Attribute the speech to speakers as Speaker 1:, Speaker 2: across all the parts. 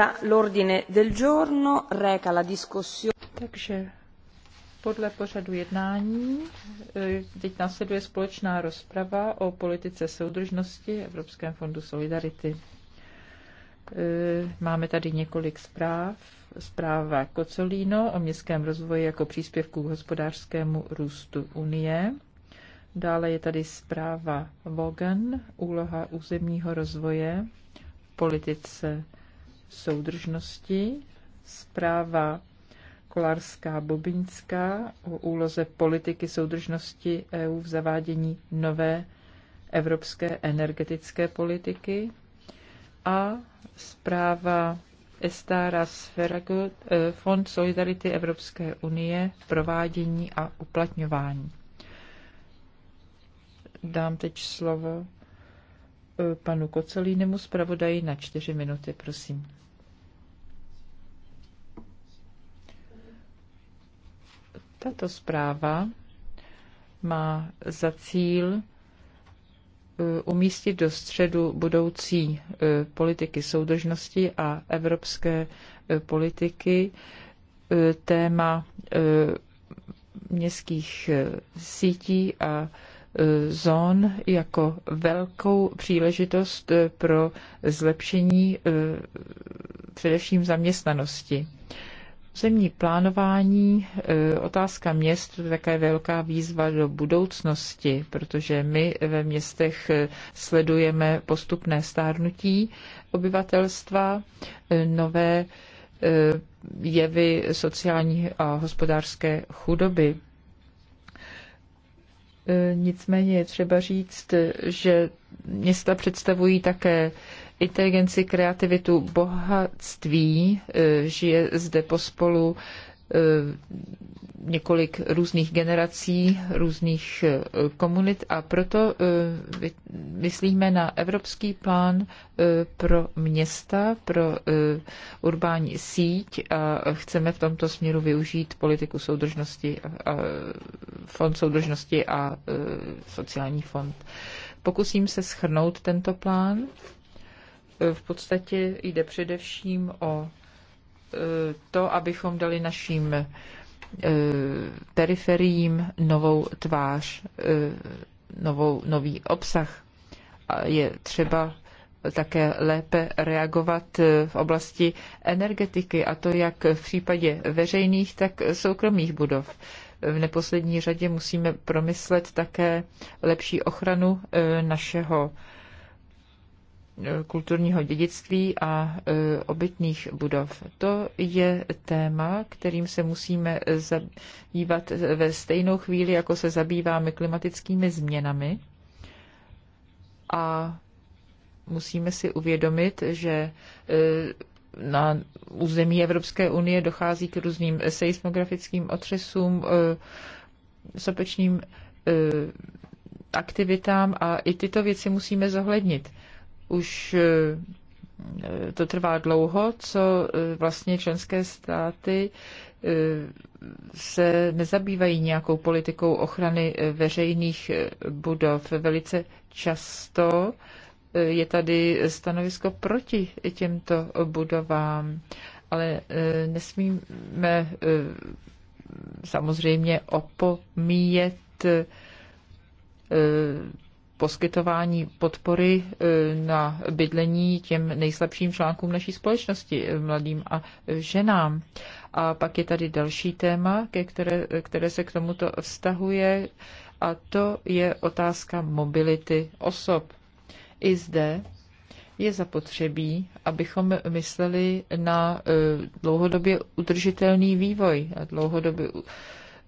Speaker 1: la Takže podle pořadu jednání e, teď následuje společná
Speaker 2: rozprava o politice soudržnosti Evropském fondu Solidarity. E, máme tady několik zpráv. Zpráva Kocolíno o městském rozvoji jako příspěvku k hospodářskému růstu Unie. Dále je tady zpráva Vogan, úloha územního rozvoje v politice soudržnosti, zpráva Kolarská Bobinská o úloze politiky soudržnosti EU v zavádění nové evropské energetické politiky a zpráva Estára Sferagut, e, Fond Solidarity Evropské unie, provádění a uplatňování. Dám teď slovo e, panu Kocelínemu zpravodaji na čtyři minuty, prosím. Tato zpráva má za cíl e, umístit do středu budoucí e, politiky soudržnosti a evropské e, politiky téma městských sítí a zón jako velkou příležitost pro zlepšení především zaměstnanosti. Zemní plánování, eh, otázka měst, to je také velká výzva do budoucnosti, protože my ve městech eh, sledujeme postupné stárnutí obyvatelstva, eh, nové jevy sociální a hospodářské chudoby. Nicméně je třeba říct, že města představují také inteligenci, kreativitu, bohatství. Eh, žije zde pospolu eh, několik různých generací, různých eh, komunit a proto myslíme na evropský plán pro města, pro urbání síť a chceme v tomto směru využít politiku soudržnosti, fond soudržnosti a sociální fond. Pokusím se schrnout tento plán. V podstatě jde především o e, to, abychom dali našim e, periferiím novou tvář, e, novou, nový obsah. A je třeba také lépe reagovat v oblasti energetiky, a to jak v případě veřejných, tak soukromých budov. V neposlední řadě musíme promyslet také lepší ochranu našeho kulturního dědictví a e, obytných budov. To je téma, kterým se musíme zabývat ve stejnou chvíli, jako se zabýváme klimatickými změnami. A musíme si uvědomit, že e, na území Evropské unie dochází k různým seismografickým otřesům, e, sopečným aktivitám a i tyto věci musíme zohlednit už eh, to trvá dlouho, co eh, vlastně členské státy eh, se nezabývají nějakou politikou ochrany veřejných budov. Velice často je tady stanovisko proti těmto budovám, ale nesmíme samozřejmě opomíjet poskytování podpory e, na bydlení těm nejslabším článkům naší společnosti, e, mladým a ženám. A pak je tady další téma, ke které, které se k tomuto vztahuje, a to je otázka mobility osob. I zde je zapotřebí, abychom mysleli na e, dlouhodobě udržitelný vývoj, a dlouhodobě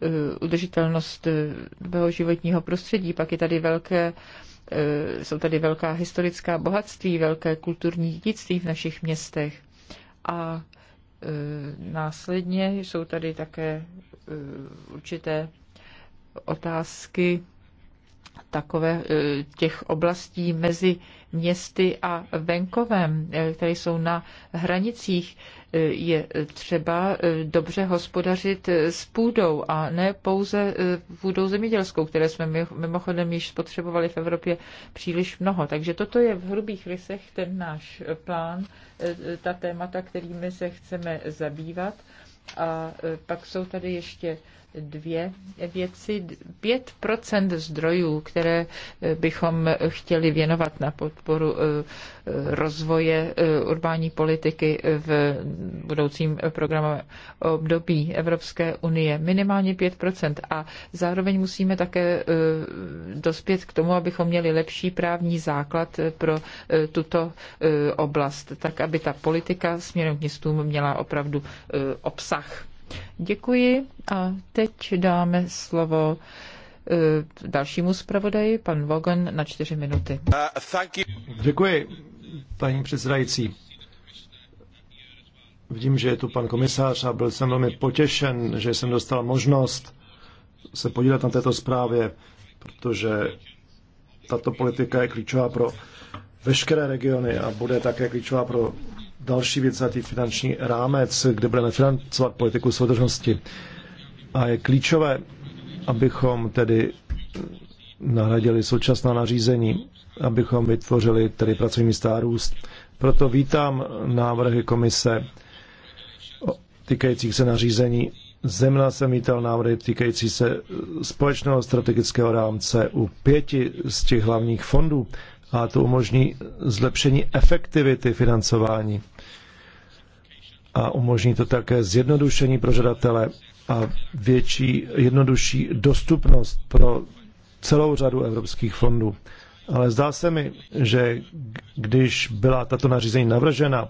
Speaker 2: Eh, udržitelnost nového eh, životního prostředí, pak je tady velké eh, jsou tady velká historická bohatství, velké kulturní dědictví v našich městech. A následně jsou tady také určité otázky takové e, těch oblastí mezi městy a venkovem, e, které jsou na hranicích, e, je třeba dobře hospodařit s půdou a ne pouze půdou zemědělskou, které jsme mimochodem již spotřebovali v Evropě příliš mnoho. Takže toto je v hrubých rysech ten náš plán, ta témata, kterými se chceme zabývat. A pak jsou tady ještě dvě věci. 5 zdrojů, které eh, bychom chtěli věnovat na podporu eh, rozvoje eh, urbání politiky v budoucím programovém období Evropské unie. Minimálně 5 A zároveň musíme také dospět k tomu, abychom měli lepší právní základ pro tuto oblast, tak aby ta politika směrem k městům měla opravdu obsah. Děkuji a teď dáme slovo eh, dalšímu zpravodaji, pan Vogan, na čtyři minuty.
Speaker 3: Uh, Děkuji, paní předsedající. Vidím, že je tu pan komisář a byl jsem velmi potěšen, že jsem dostal možnost se podílet na této zprávě, protože tato politika je klíčová pro veškeré regiony a bude také klíčová pro další věc na finanční rámec, kde budeme financovat politiku soudržnosti. A je klíčové, abychom tedy nahradili současná nařízení, abychom vytvořili tedy pracovní místa a růst. Proto vítám návrhy komise týkajících se nařízení. Zemna jsem vítal návrhy týkající se společného strategického rámce u pěti z těch hlavních fondů a to umožní zlepšení efektivity financování. A umožní to také zjednodušení pro žadatele a větší, jednodušší dostupnost pro celou řadu evropských fondů. Ale zdá se mi, že když byla tato nařízení navržena,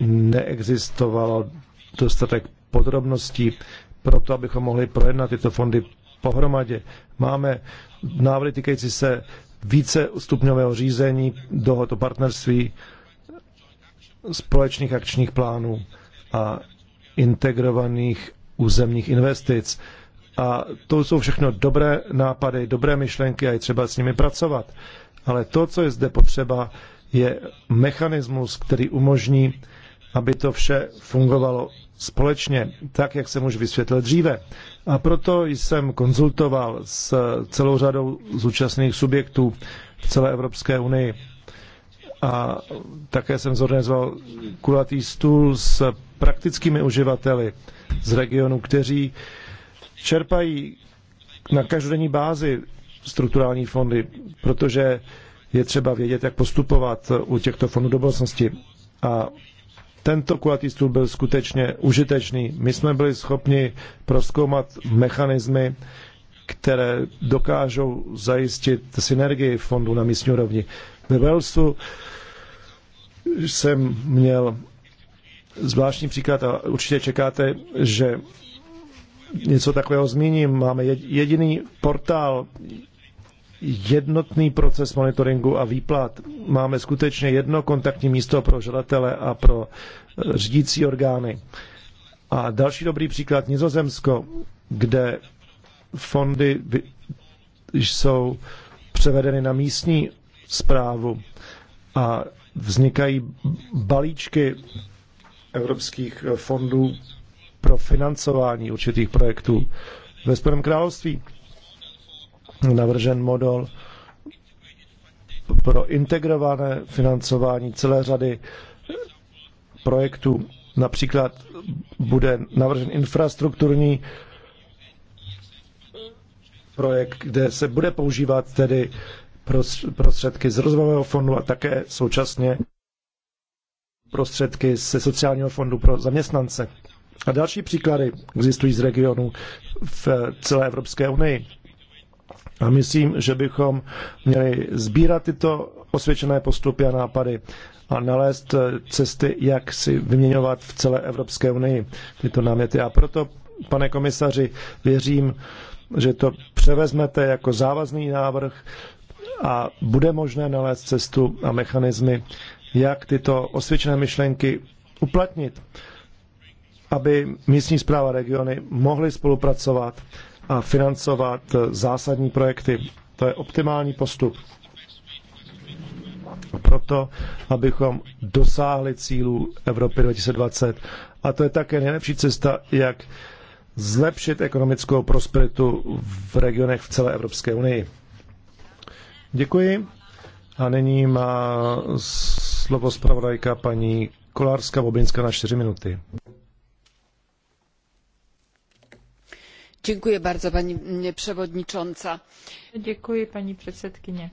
Speaker 3: neexistovalo dostatek podrobností pro to, abychom mohli projednat tyto fondy pohromadě. Máme návrhy týkající se více stupňového řízení, dohod o partnerství, společných akčních plánů a integrovaných územních investic. A to jsou všechno dobré nápady, dobré myšlenky a je třeba s nimi pracovat. Ale to, co je zde potřeba, je mechanismus, který umožní aby to vše fungovalo společně, tak jak jsem už vysvětlil dříve. A proto jsem konzultoval s celou řadou zúčastných subjektů v celé Evropské unii. A také jsem zorganizoval kulatý stůl s praktickými uživateli z regionu, kteří čerpají na každodenní bázi strukturální fondy, protože je třeba vědět, jak postupovat u těchto fondů do budoucnosti. A tento kulatý stůl byl skutečně užitečný. My jsme byli schopni proskoumat mechanismy, které dokážou zajistit synergii fondu na místní úrovni. Ve Walesu jsem měl zvláštní příklad a určitě čekáte, že něco takového zmíním. Máme jediný portál jednotný proces monitoringu a výplat. Máme skutečně jedno kontaktní místo pro žadatele a pro e, řídící orgány. A další dobrý příklad Nizozemsko, kde fondy jsou převedeny na místní zprávu a vznikají balíčky evropských fondů pro financování určitých projektů ve Spojeném království navržen model pro integrované financování celé řady projektů. Například bude navržen infrastrukturní projekt, kde se bude používat tedy prostředky z rozvojového fondu a také současně prostředky ze sociálního fondu pro zaměstnance. A další příklady existují z regionu v celé Evropské unii. A myslím, že bychom měli sbírat tyto osvědčené postupy a nápady a nalézt cesty, jak si vyměňovat v celé Evropské unii tyto náměty. A proto, pane komisaři, věřím, že to převezmete jako závazný návrh a bude možné nalézt cestu a mechanismy, jak tyto osvědčené myšlenky uplatnit, aby místní zpráva regiony mohly spolupracovat a financovat eh, zásadní projekty. To je optimální postup proto, abychom dosáhli cílů Evropy 2020. A to je také nejlepší cesta, jak zlepšit ekonomickou prosperitu v regionech v celé Evropské unii. Děkuji. A nyní má slovo zpravodajka paní Kolárska Bobinská na 4 minuty.
Speaker 2: Děkuji paní převodničonca. Děkuji, paní předsedkyně.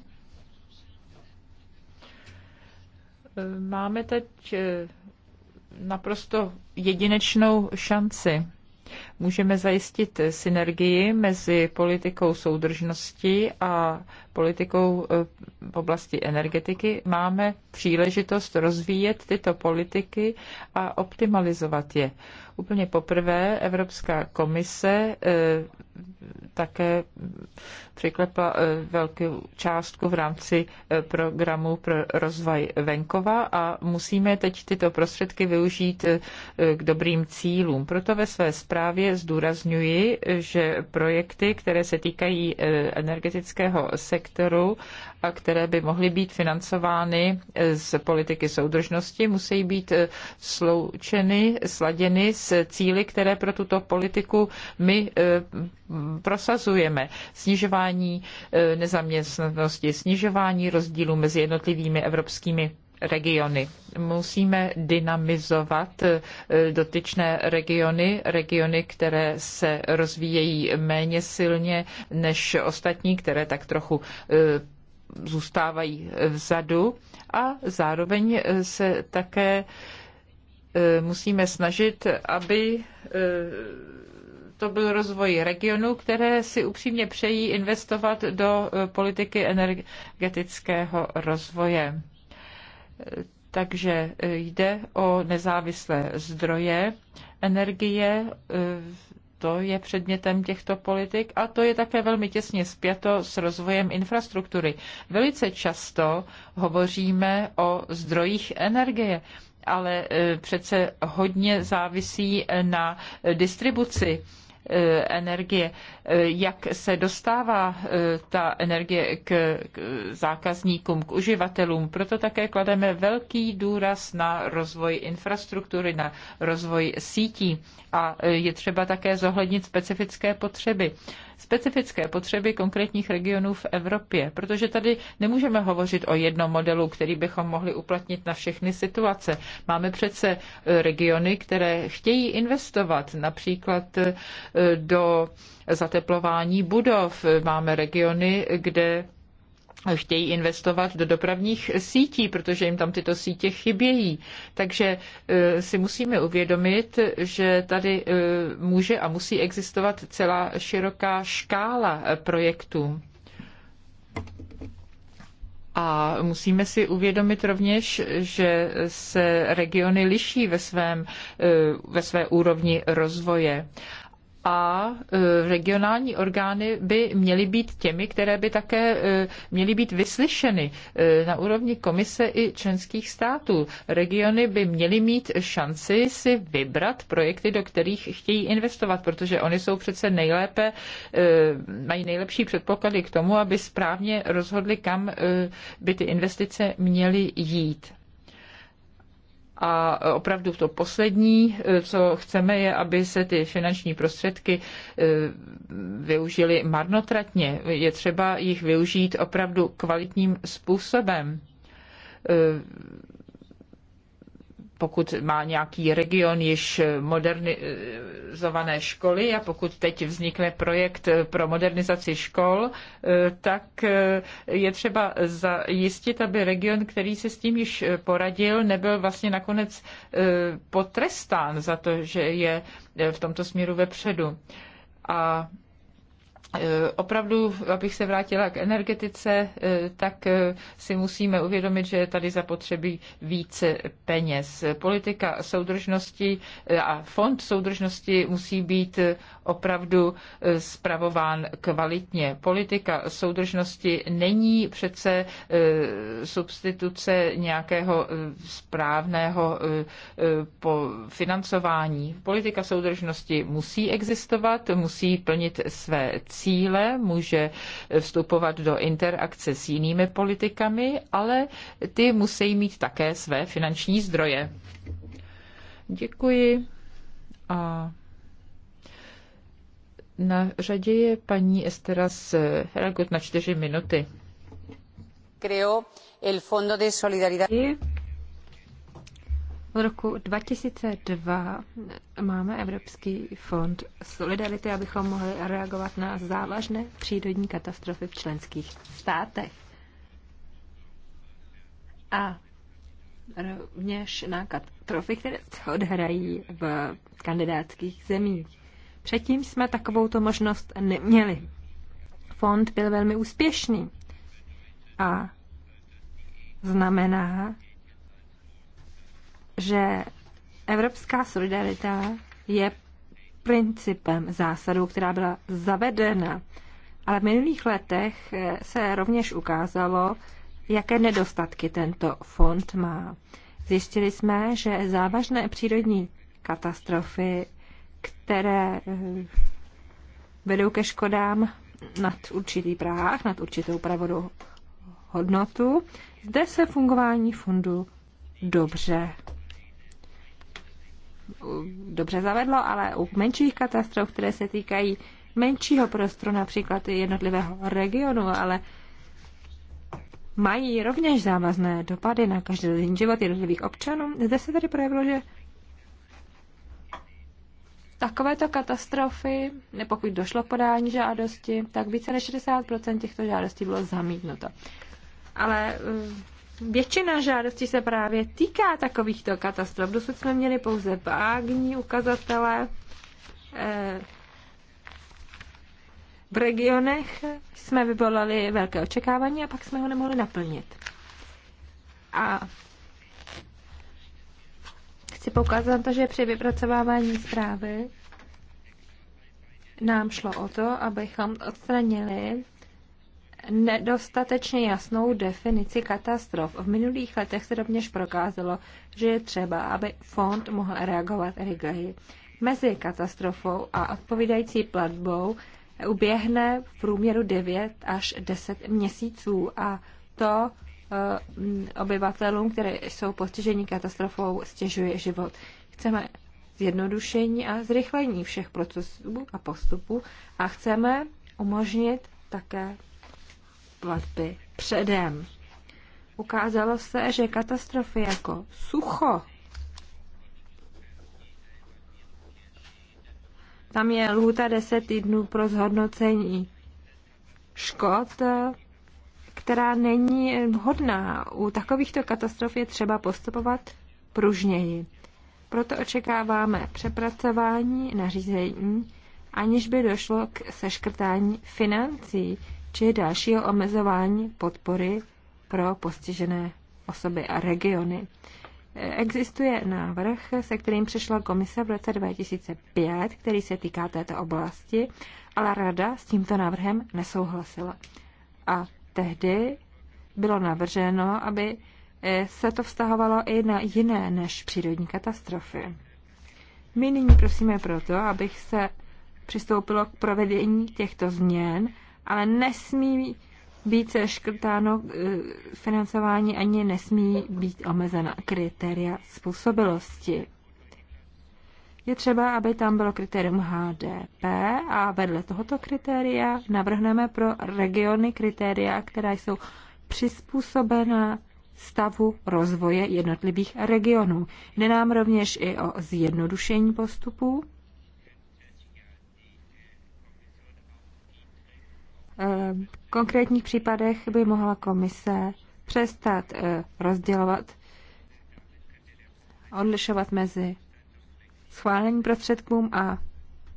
Speaker 2: Máme teď e, naprosto jedinečnou šanci. Můžeme zajistit synergii mezi politikou soudržnosti a politikou e, v oblasti energetiky, máme příležitost rozvíjet tyto politiky a optimalizovat je. Úplně poprvé Evropská komise e, také přiklepla e, velkou částku v rámci programu pro rozvoj venkova a musíme teď tyto prostředky využít k dobrým cílům. Proto ve své zprávě zdůrazňuji, že projekty, které se týkají energetického sektoru, sektoru a které by mohly být financovány eh, z politiky soudržnosti, musí být eh, sloučeny, sladěny s cíly, které pro tuto politiku my eh, prosazujeme. Snižování nezaměstnanosti, snižování rozdílu mezi jednotlivými evropskými regiony. Musíme dynamizovat eh, dotyčné regiony, regiony, které se rozvíjejí méně silně než ostatní, které tak trochu eh, zůstávají eh, vzadu a zároveň se také musíme snažit, aby to byl rozvoj regionu, které si upřímně přejí investovat do politiky energetického rozvoje. Takže e, jde o nezávislé zdroje energie, e, to je předmětem těchto politik a to je také velmi těsně spjato s rozvojem infrastruktury. Velice často hovoříme o zdrojích energie, ale e, přece hodně závisí na distribuci Eh, energie, eh, jak se dostává eh, ta energie k zákazníkům, k uživatelům. Proto také klademe velký důraz na rozvoj infrastruktury, na rozvoj sítí a je třeba také zohlednit specifické potřeby. Specifické potřeby konkrétních regionů v Evropě, protože tady nemůžeme hovořit o jednom modelu, který bychom mohli uplatnit na všechny situace. Máme přece eh, regiony, které chtějí investovat například eh, do zateplování budov. Máme regiony, kde chtějí investovat do dopravních sítí, protože jim tam tyto sítě chybějí. Takže e, si musíme uvědomit, že tady e, může a musí existovat celá široká škála e, projektů. A musíme si uvědomit rovněž, že se regiony liší ve, svém, ve své úrovni rozvoje a e, regionální orgány by měly být těmi, které by také e, měly být vyslyšeny e, na úrovni komise i členských států. Regiony by měly mít šanci si vybrat projekty, do kterých chtějí investovat, protože oni jsou přece nejlépe, mají nejlepší předpoklady k tomu, aby správně rozhodli, kam by ty investice měly jít. A opravdu to poslední, eh, co chceme, je, aby se ty finanční prostředky eh, využily marnotratně. Je třeba jich využít opravdu kvalitním způsobem eh, pokud má nějaký region již modernizované školy a pokud teď vznikne projekt pro modernizaci škol, tak je třeba zajistit, aby region, který se s tím již poradil, nebyl vlastně nakonec eh, potrestán za to, že je v tomto směru vepředu. A Eh, opravdu, abych se vrátila k energetice, eh, tak eh, si musíme uvědomit, že je tady zapotřebí více peněz. Politika soudržnosti a fond soudržnosti musí být opravdu spravován kvalitně. Politika soudržnosti není přece substituce nějakého správného financování. Politika soudržnosti musí existovat, musí plnit své cíle, může vstupovat do interakce s jinými politikami, ale ty musí mít také své finanční zdroje. Děkuji. A na řadě je paní Estera z Helgut na čtyři minuty.
Speaker 4: Creo el Fondo de Solidaridad.
Speaker 1: Od roku 2002 máme Evropský fond Solidarity, abychom mohli reagovat na závažné přírodní katastrofy v členských státech. A rovněž na katastrofy, které se odhrají v kandidátských zemích. Předtím jsme takovou to možnost neměli. Fond byl velmi úspěšný a znamená, že evropská solidarita je principem, zásadou, která byla zavedena. Ale v minulých letech eh, se rovněž ukázalo, jaké nedostatky tento fond má. Zjistili jsme, že závažné přírodní katastrofy, které eh, vedou ke škodám nad určitý práh, nad určitou pravodu hodnotu, zde se fungování fondu dobře dobře zavedlo, ale u menších katastrof, které se týkají menšího prostoru, například jednotlivého regionu, ale mají rovněž závazné dopady na každodenní život jednotlivých občanů. Zde se tedy projevilo, že takovéto katastrofy, nepokud došlo podání žádosti, tak více než 60% těchto žádostí bylo zamítnuto. Ale eh, většina žádostí se právě týká takovýchto katastrof. Dosud jsme měli pouze vágní ukazatele eh, v regionech jsme vyvolali velké očekávání a pak jsme ho nemohli naplnit. A chci poukázat na to, že při vypracovávání zprávy nám šlo o to, abychom odstranili nedostatečně jasnou definici katastrof. V minulých letech se rovněž prokázalo, že je třeba, aby fond mohl reagovat rychleji. Mezi katastrofou a odpovídající platbou uběhne v průměru 9 až 10 měsíců a to eh, obyvatelům, které jsou postiženi katastrofou, stěžuje život. Chceme zjednodušení a zrychlení všech procesů a postupů a chceme umožnit také platby předem. Ukázalo se, že katastrofy jako sucho, tam je lhůta 10 týdnů pro zhodnocení škod, která není vhodná. U takovýchto katastrof je třeba postupovat pružněji. Proto očekáváme přepracování nařízení, aniž by došlo k seškrtání financí či dalšího omezování podpory pro postižené osoby a regiony. Existuje návrh, se kterým přišla komise v roce 2005, který se týká této oblasti, ale rada s tímto návrhem nesouhlasila. A tehdy bylo navrženo, aby eh, se to vztahovalo i na jiné než přírodní katastrofy. My nyní prosíme proto, abych se přistoupilo k provedení těchto změn ale nesmí být škrtáno eh, financování ani nesmí být omezena kritéria způsobilosti. Je třeba, aby tam bylo kritérium HDP a vedle tohoto kritéria navrhneme pro regiony kritéria, která jsou přizpůsobena stavu rozvoje jednotlivých regionů. Jde nám rovněž i o zjednodušení postupů, Eh, konkrétních případech by mohla komise přestat eh, rozdělovat, odlišovat mezi schválení prostředkům a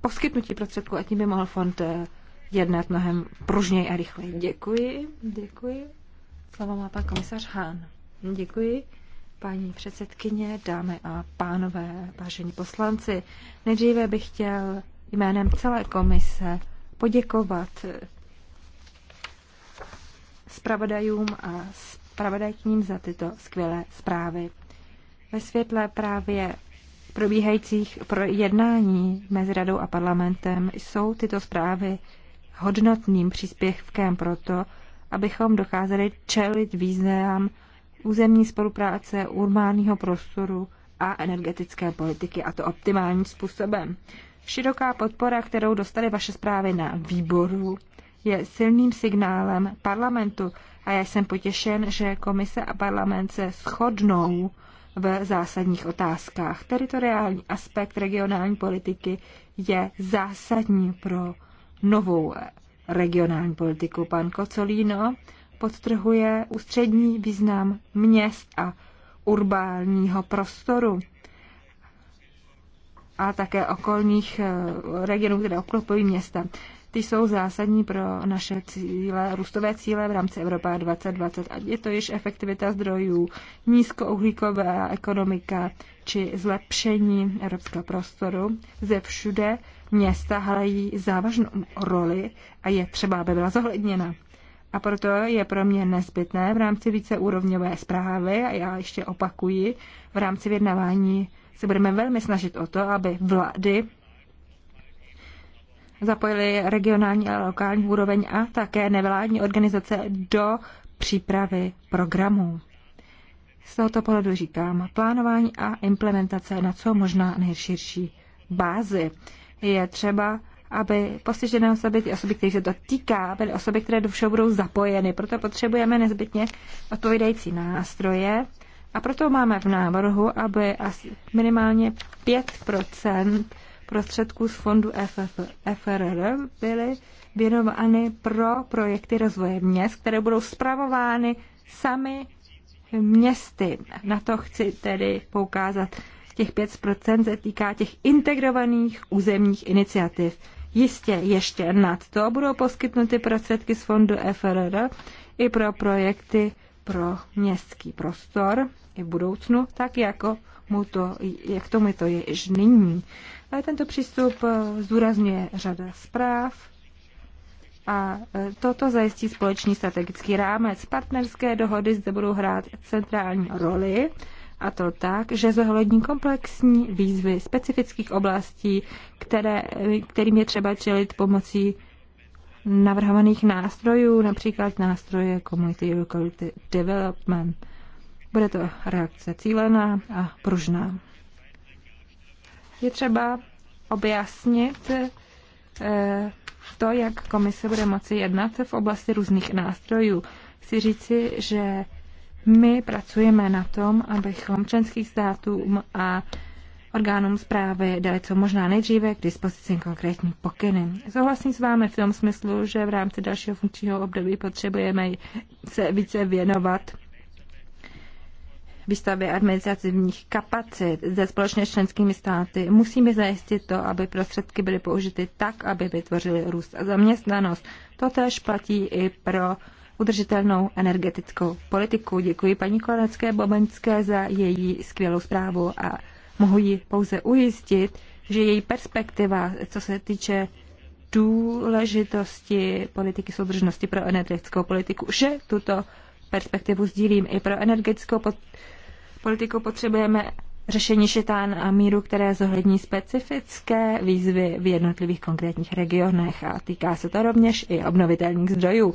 Speaker 1: poskytnutí prostředků a tím by mohl fond eh, jednat mnohem pružněji a rychleji. Děkuji, děkuji. Slovo má pan komisař Hán. Děkuji, paní předsedkyně, dámy a pánové, vážení poslanci. Nejdříve bych chtěl jménem celé komise poděkovat zpravodajům a zpravodajkním za tyto skvělé zprávy. Ve světle právě probíhajících pro jednání mezi radou a parlamentem jsou tyto zprávy hodnotným příspěvkem proto, abychom docházeli čelit význam územní spolupráce, urbánního prostoru a energetické politiky, a to optimálním způsobem. Široká podpora, kterou dostali vaše zprávy na výboru, je silným signálem parlamentu a já jsem potěšen, že komise a parlament se shodnou v zásadních otázkách. Teritoriální aspekt regionální politiky je zásadní pro novou regionální politiku. Pan Kocolíno podtrhuje ústřední význam měst a urbálního prostoru a také okolních eh, regionů, které obklopují města. Ty jsou zásadní pro naše cíle, růstové cíle v rámci Evropa 2020, ať je to již efektivita zdrojů, nízkouhlíková ekonomika či zlepšení evropského prostoru. Ze všude města hrají závažnou roli a je třeba, aby byla zohledněna. A proto je pro mě nezbytné v rámci víceúrovňové zprávy, a já ještě opakuji, v rámci vědnavání se budeme velmi snažit o to, aby vlády zapojili regionální a lokální úroveň a také nevládní organizace do přípravy programů. Z tohoto pohledu říkám plánování a implementace na co možná nejširší bázi. Je třeba aby postižené osoby, ty osoby, kterých se to týká, byly osoby, které do všeho budou zapojeny. Proto potřebujeme nezbytně odpovídající nástroje a proto máme v návrhu, aby asi minimálně 5 prostředků z fondu FF, FRR byly věnovány pro projekty rozvoje měst, které budou zpravovány sami městy. Na to chci tedy poukázat. Těch 5% se týká těch integrovaných územních iniciativ. Jistě ještě nad to budou poskytnuty prostředky z fondu FRR i pro projekty pro městský prostor i v budoucnu, tak jako mu to, jak tomu to je již nyní. Ale tento přístup eh, zdůrazňuje řada zpráv a eh, toto zajistí společný strategický rámec. Partnerské dohody zde budou hrát centrální roli a to tak, že zohlední komplexní výzvy specifických oblastí, které, kterým je třeba čelit pomocí navrhovaných nástrojů, například nástroje Community Development. Bude to reakce cílená a pružná je třeba objasnit eh, to, jak komise bude moci jednat v oblasti různých nástrojů. Chci říci, že my pracujeme na tom, abychom členských státům a orgánům zprávy dali co možná nejdříve k dispozici konkrétní pokyny. Souhlasím s vámi v tom smyslu, že v rámci dalšího funkčního období potřebujeme se více věnovat výstavbě administrativních kapacit ze společně členskými státy, musíme zajistit to, aby prostředky byly použity tak, aby vytvořily růst a zaměstnanost. To též platí i pro udržitelnou energetickou politiku. Děkuji paní Kolenecké Bobenské za její skvělou zprávu a mohu ji pouze ujistit, že její perspektiva, co se týče důležitosti politiky soudržnosti pro energetickou politiku, že tuto perspektivu sdílím i pro energetickou politiku potřebujeme řešení šetán a míru, které zohlední specifické výzvy v jednotlivých konkrétních regionech a týká se to rovněž i obnovitelných zdrojů.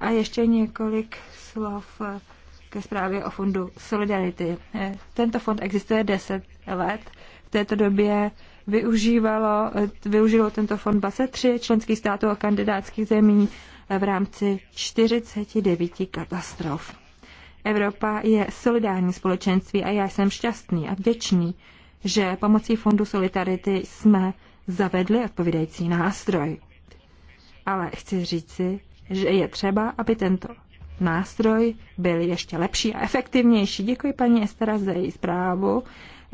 Speaker 1: A ještě několik slov ke zprávě o fondu Solidarity. Tento fond existuje 10 let. V této době využívalo, využilo tento fond 23 členských států a kandidátských zemí v rámci 49 katastrof. Evropa je solidární společenství a já jsem šťastný a vděčný, že pomocí Fondu Solidarity jsme zavedli odpovídající nástroj. Ale chci říci, že je třeba, aby tento nástroj byl ještě lepší a efektivnější. Děkuji paní Estera za její zprávu,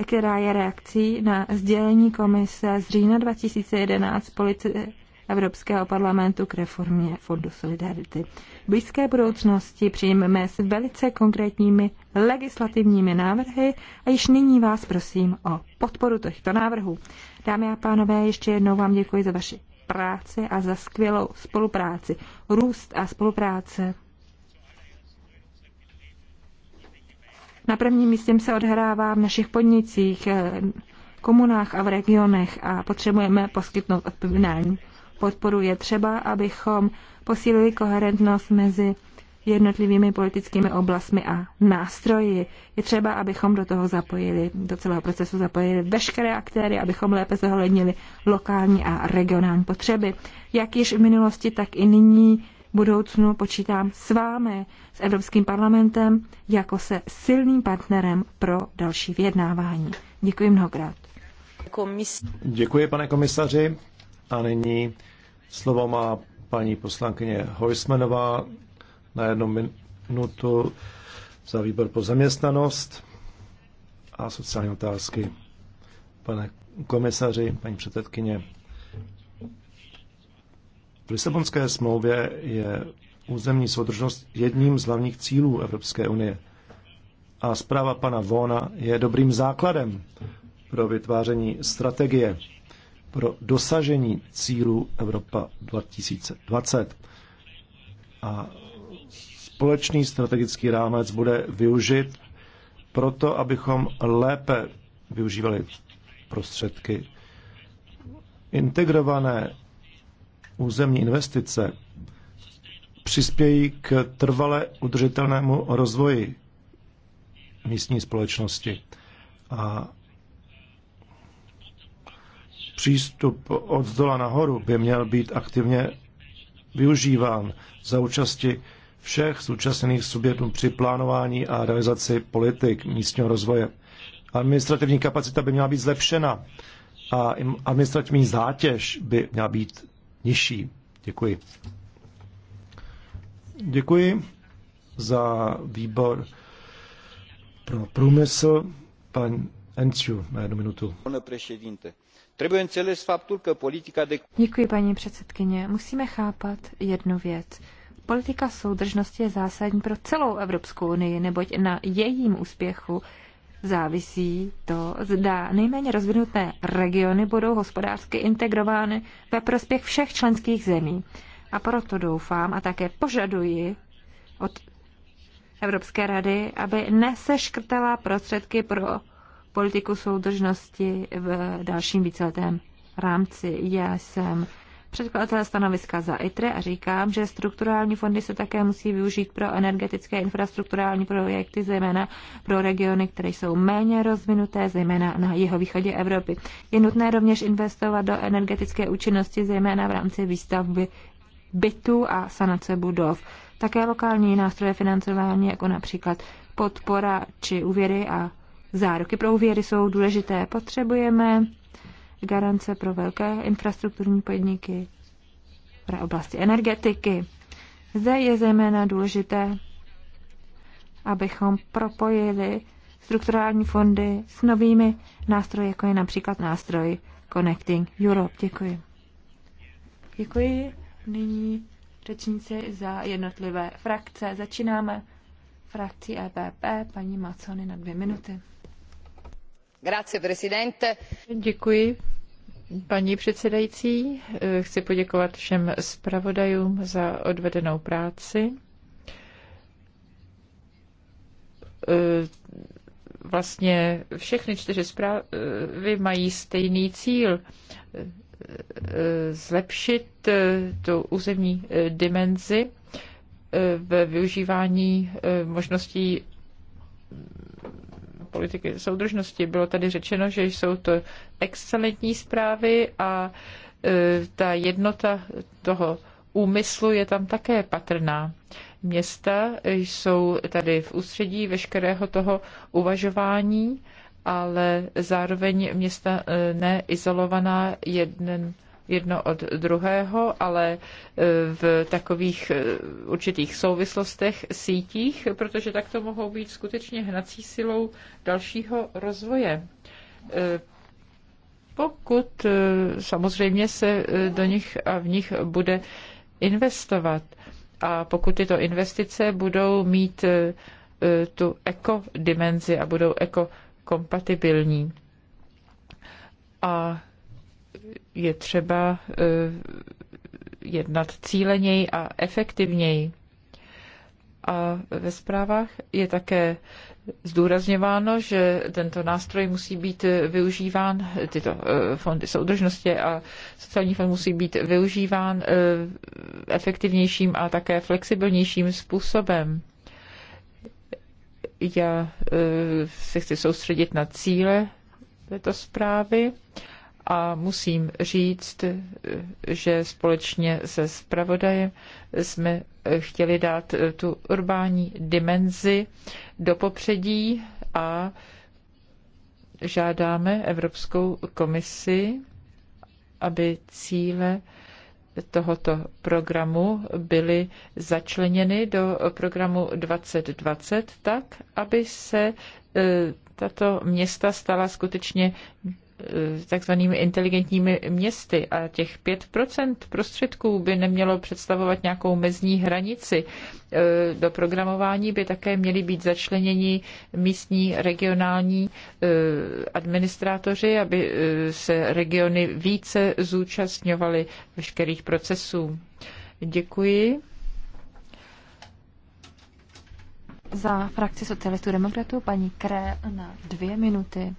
Speaker 1: která je reakcí na sdělení komise z října 2011 policie Evropského parlamentu k reformě Fondu Solidarity blízké budoucnosti přijmeme s velice konkrétními legislativními návrhy a již nyní vás prosím o podporu těchto návrhů. Dámy a pánové, ještě jednou vám děkuji za vaši práci a za skvělou spolupráci. Růst a spolupráce. Na prvním místě se odhrává v našich podnicích, eh, komunách a v regionech a potřebujeme poskytnout odpovědání podporu je třeba, abychom posílili koherentnost mezi jednotlivými politickými oblastmi a nástroji. Je třeba, abychom do toho zapojili, do celého procesu zapojili veškeré aktéry, abychom lépe zohlednili lokální a regionální potřeby. Jak již v minulosti, tak i nyní v budoucnu počítám s vámi, s Evropským parlamentem, jako se silným partnerem pro další vyjednávání. Děkuji mnohokrát. Komis...
Speaker 3: Děkuji, pane komisaři. A nyní slovo má paní poslankyně Hojsmenová na jednu minutu za výbor pro zaměstnanost a sociální otázky. Pane komisaři, paní předsedkyně, v Lisabonské smlouvě je územní soudržnost jedním z hlavních cílů Evropské unie. A zpráva pana Vona je dobrým základem pro vytváření strategie pro dosažení cílu Evropa 2020. A společný strategický rámec bude využit proto, abychom lépe využívali prostředky. Integrované územní investice přispějí k trvale udržitelnému rozvoji místní společnosti. A Přístup od zdola nahoru by měl být aktivně využíván za účasti všech zúčastněných subjektů při plánování a realizaci politik místního rozvoje. Administrativní kapacita by měla být zlepšena a administrativní zátěž by měla být nižší. Děkuji. Děkuji za výbor pro průmysl.
Speaker 5: Pan Enciu na jednu minutu. Pane Trebuie înțeles faptul că politica de...
Speaker 1: Děkuji, paní předsedkyně. Musíme chápat jednu věc. Politika soudržnosti je zásadní pro celou Evropskou unii, neboť na jejím úspěchu závisí to, zda nejméně rozvinuté regiony budou hospodářsky integrovány ve prospěch všech členských zemí. A proto doufám a také požaduji od Evropské rady, aby neseškrtala prostředky pro politiku soudržnosti v dalším víceletém rámci. Já jsem předkladatel stanoviska za ITRE a říkám, že strukturální fondy se také musí využít pro energetické infrastrukturální projekty, zejména pro regiony, které jsou méně rozvinuté, zejména na jeho východě Evropy. Je nutné rovněž investovat do energetické účinnosti, zejména v rámci výstavby bytů a sanace budov. Také lokální nástroje financování, jako například podpora či úvěry a záruky pro úvěry jsou důležité. Potřebujeme garance pro velké infrastrukturní podniky v oblasti energetiky. Zde je zejména důležité, abychom propojili strukturální fondy s novými nástroji, jako je například nástroj Connecting Europe. Děkuji. Děkuji. Nyní řečníci za jednotlivé frakce. Začínáme frakcí EPP, paní Macony na dvě minuty
Speaker 2: paní předsedající. Chci poděkovat všem zpravodajům za odvedenou práci. Vlastně všechny čtyři zprávy mají stejný cíl zlepšit tu územní dimenzi ve využívání možností politiky soudržnosti. Bylo tady řečeno, že jsou to excelentní zprávy a e, ta jednota toho úmyslu je tam také patrná. Města jsou tady v ústředí veškerého toho uvažování, ale zároveň města e, neizolovaná jeden jedno od druhého, ale e, v takových e, určitých souvislostech, sítích, protože tak to mohou být skutečně hnací silou dalšího rozvoje. E, pokud samozřejmě se do nich a v nich bude investovat a pokud tyto investice budou mít tu ekodimenzi a budou ekokompatibilní. A je třeba eh, jednat cíleněji a efektivněji. A ve zprávách je také zdůrazňováno, že tento nástroj musí být využíván, tyto eh, fondy soudržnosti a sociální fond musí být využíván eh, efektivnějším a také flexibilnějším způsobem. Já se chci soustředit na cíle této zprávy a musím říct, že společně se zpravodajem jsme chtěli dát tu urbání dimenzi do popředí a žádáme Evropskou komisi, aby cíle tohoto programu byly začleněny do programu 2020 tak, aby se eh, tato města stala skutečně Eh, takzvanými inteligentními městy a těch 5% prostředků by nemělo představovat nějakou mezní hranici. Eh, do programování by také měly být začleněni místní regionální eh, administrátoři, aby se regiony více zúčastňovaly veškerých procesů. Děkuji.
Speaker 1: Za frakci socialistů demokratů paní Kré na dvě minuty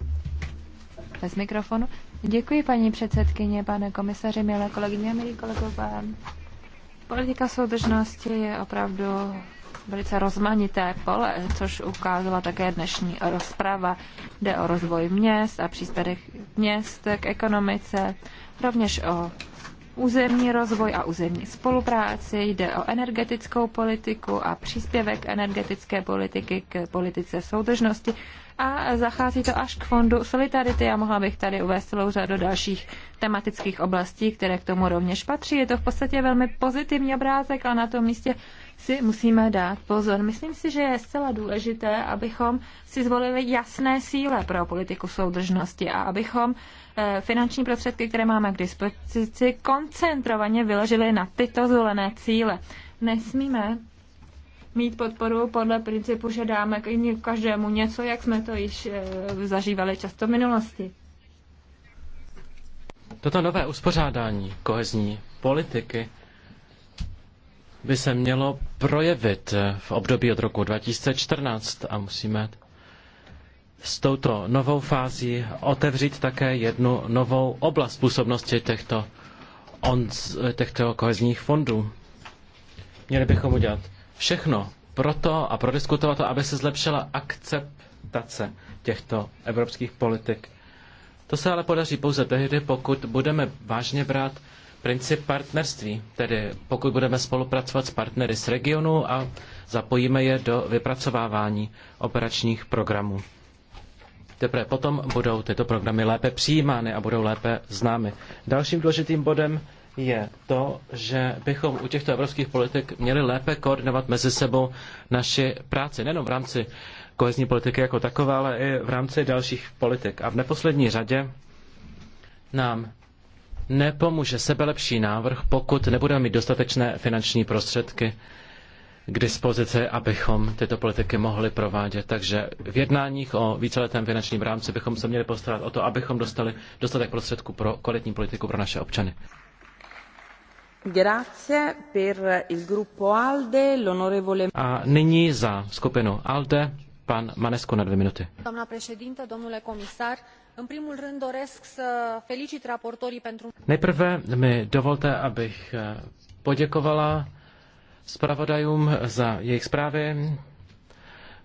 Speaker 1: bez mikrofonu. Děkuji, paní předsedkyně, pane komisaři, milé kolegyně a milí kolegové. Politika soudržnosti je opravdu velice rozmanité pole, což ukázala také dnešní rozprava. Jde o rozvoj měst a příspěvek měst k ekonomice, rovněž o územní rozvoj a územní spolupráci, jde o energetickou politiku a příspěvek energetické politiky k politice soudržnosti, a zachází to až k fondu Solidarity a mohla bych tady uvést celou řadu dalších tematických oblastí, které k tomu rovněž patří. Je to v podstatě velmi pozitivní obrázek a na tom místě si musíme dát pozor. Myslím si, že je zcela důležité, abychom si zvolili jasné síle pro politiku soudržnosti a abychom eh, finanční prostředky, které máme k dispozici, koncentrovaně vyložili na tyto zvolené cíle. Nesmíme mít podporu podle principu, že dáme každému něco, jak jsme to již eh, zažívali často v minulosti.
Speaker 6: Toto nové uspořádání kohezní politiky by se mělo projevit eh, v období od roku 2014 a musíme s touto novou fází otevřít také jednu novou oblast působnosti těchto, on, eh, těchto kohezních fondů. Měli bychom udělat všechno proto a prodiskutovat to, aby se zlepšila akceptace těchto evropských politik. To se ale podaří pouze tehdy, pokud budeme vážně brát princip partnerství, tedy pokud budeme spolupracovat s partnery z regionu a zapojíme je do vypracovávání operačních programů. Teprve potom budou tyto programy lépe přijímány a budou lépe známy. Dalším důležitým bodem je to, že bychom u těchto evropských politik měli lépe koordinovat mezi sebou naši práci, nejenom v rámci kohezní politiky jako takové, ale i v rámci dalších politik. A v neposlední řadě nám nepomůže sebelepší návrh, pokud nebudeme mít dostatečné finanční prostředky k dispozici, abychom tyto politiky mohli provádět. Takže v jednáních o víceletém finančním rámci bychom se měli postarat o to, abychom dostali dostatek prostředků pro kvalitní politiku pro naše občany. A nyní za skupinu ALDE pan na dvě minuty.
Speaker 1: Doamna președintă, domnule în primul rând doresc să felicit raportorii pentru...
Speaker 6: Nejprve mi dovolte, abych eh, poděkovala zpravodajům za jejich zprávy.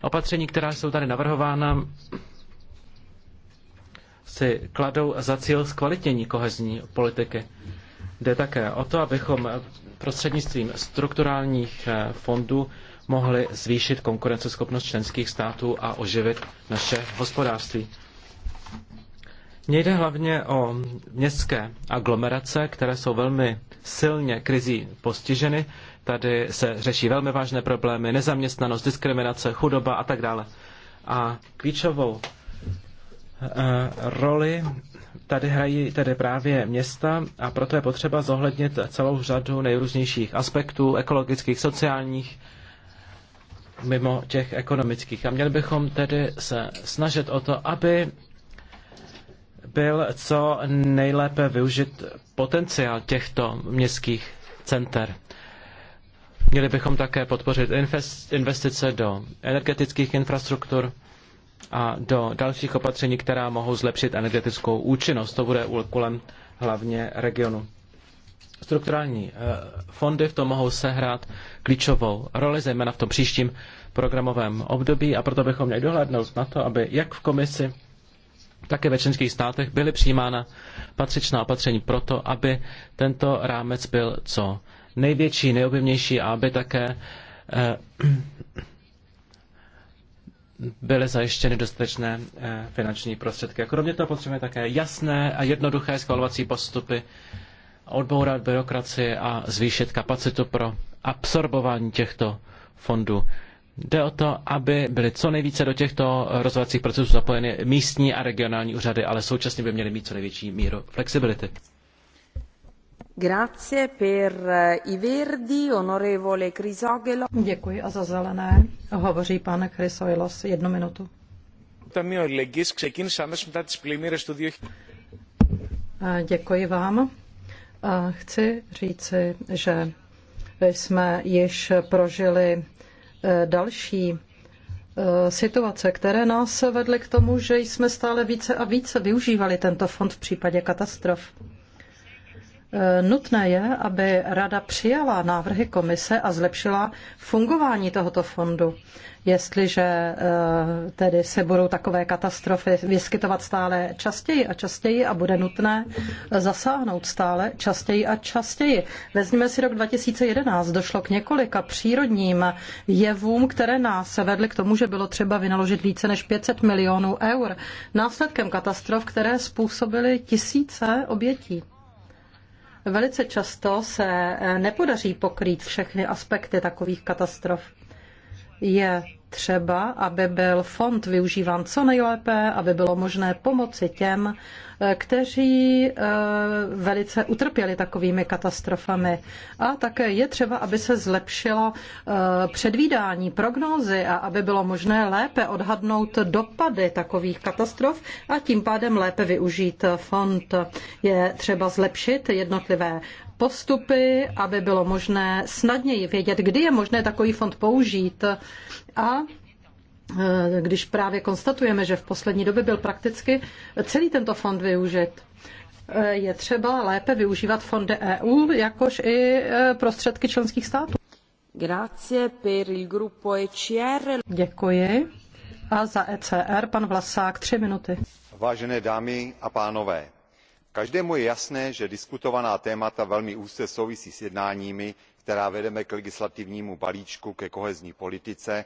Speaker 6: Opatření, která jsou tady navrhována, si kladou za cíl zkvalitnění kohezní politiky. Jde také o to, abychom prostřednictvím strukturálních eh, fondů mohli zvýšit konkurenceschopnost členských států a oživit naše hospodářství. Mně jde hlavně o městské aglomerace, které jsou velmi silně krizí postiženy. Tady se řeší velmi vážné problémy, nezaměstnanost, diskriminace, chudoba a tak dále. A klíčovou eh, roli tady hrají tedy právě města a proto je potřeba zohlednit celou řadu nejrůznějších aspektů ekologických, sociálních, mimo těch ekonomických. A měli bychom tedy se snažit o to, aby byl co nejlépe využit potenciál těchto městských center. Měli bychom také podpořit investice do energetických infrastruktur, a do dalších opatření, která mohou zlepšit energetickou účinnost. To bude úkolem hlavně regionu. Strukturální eh, fondy v tom mohou sehrát klíčovou roli, zejména v tom příštím programovém období a proto bychom měli dohlednout na to, aby jak v komisi, také ve členských státech byly přijímána patřičná opatření pro to, aby tento rámec byl co největší, nejobjemnější a aby také eh, byly zajištěny dostatečné eh, finanční prostředky. A kromě toho potřebujeme také jasné a jednoduché schvalovací postupy, odbourat byrokracii a zvýšit kapacitu pro absorbování těchto fondů. Jde o to, aby byly co nejvíce do těchto rozvojovacích procesů zapojeny místní a regionální úřady, ale současně by měly mít co největší míru flexibility.
Speaker 1: Eh, děkuji
Speaker 4: a za zelené. Hovoří pan Chrysoilos jednu minutu.
Speaker 6: Ταμείο Αλληλεγγύης ξεκίνησε αμέσως μετά τις πλημμύρες του 2000.
Speaker 4: Děkuji vám. Chci říci, že jsme již prožili e, další e, situace, které nás vedly k tomu, že jsme stále více a více využívali tento fond v případě katastrof. Eh, nutné je, aby Rada přijala návrhy komise a zlepšila fungování tohoto fondu. Jestliže eh, tedy se budou takové katastrofy vyskytovat stále častěji a častěji a bude nutné zasáhnout stále častěji a častěji. Vezměme si rok 2011. Došlo k několika přírodním jevům, které nás vedly k tomu, že bylo třeba vynaložit více než 500 milionů eur. Následkem katastrof, které způsobily tisíce obětí. Velice často se eh, nepodaří pokrýt všechny aspekty takových katastrof. Je třeba, aby byl fond využíván co nejlépe, aby bylo možné pomoci těm, kteří eh, velice utrpěli takovými katastrofami. A také je třeba, aby se zlepšilo eh, předvídání, prognózy a aby bylo možné lépe odhadnout dopady takových katastrof a tím pádem lépe využít fond. Je třeba zlepšit jednotlivé postupy, aby bylo možné snadněji vědět, kdy je možné takový fond použít a Eh, když právě konstatujeme, že v poslední době byl prakticky celý tento fond využit. Eh, je třeba lépe využívat fondy EU, jakož i eh, prostředky členských států.
Speaker 1: Grazie per il gruppo ECR.
Speaker 4: Děkuji. A za ECR pan Vlasák, tři minuty.
Speaker 5: Vážené dámy a pánové, každému je jasné, že diskutovaná témata velmi úzce souvisí s jednáními, která vedeme k legislativnímu balíčku ke kohezní politice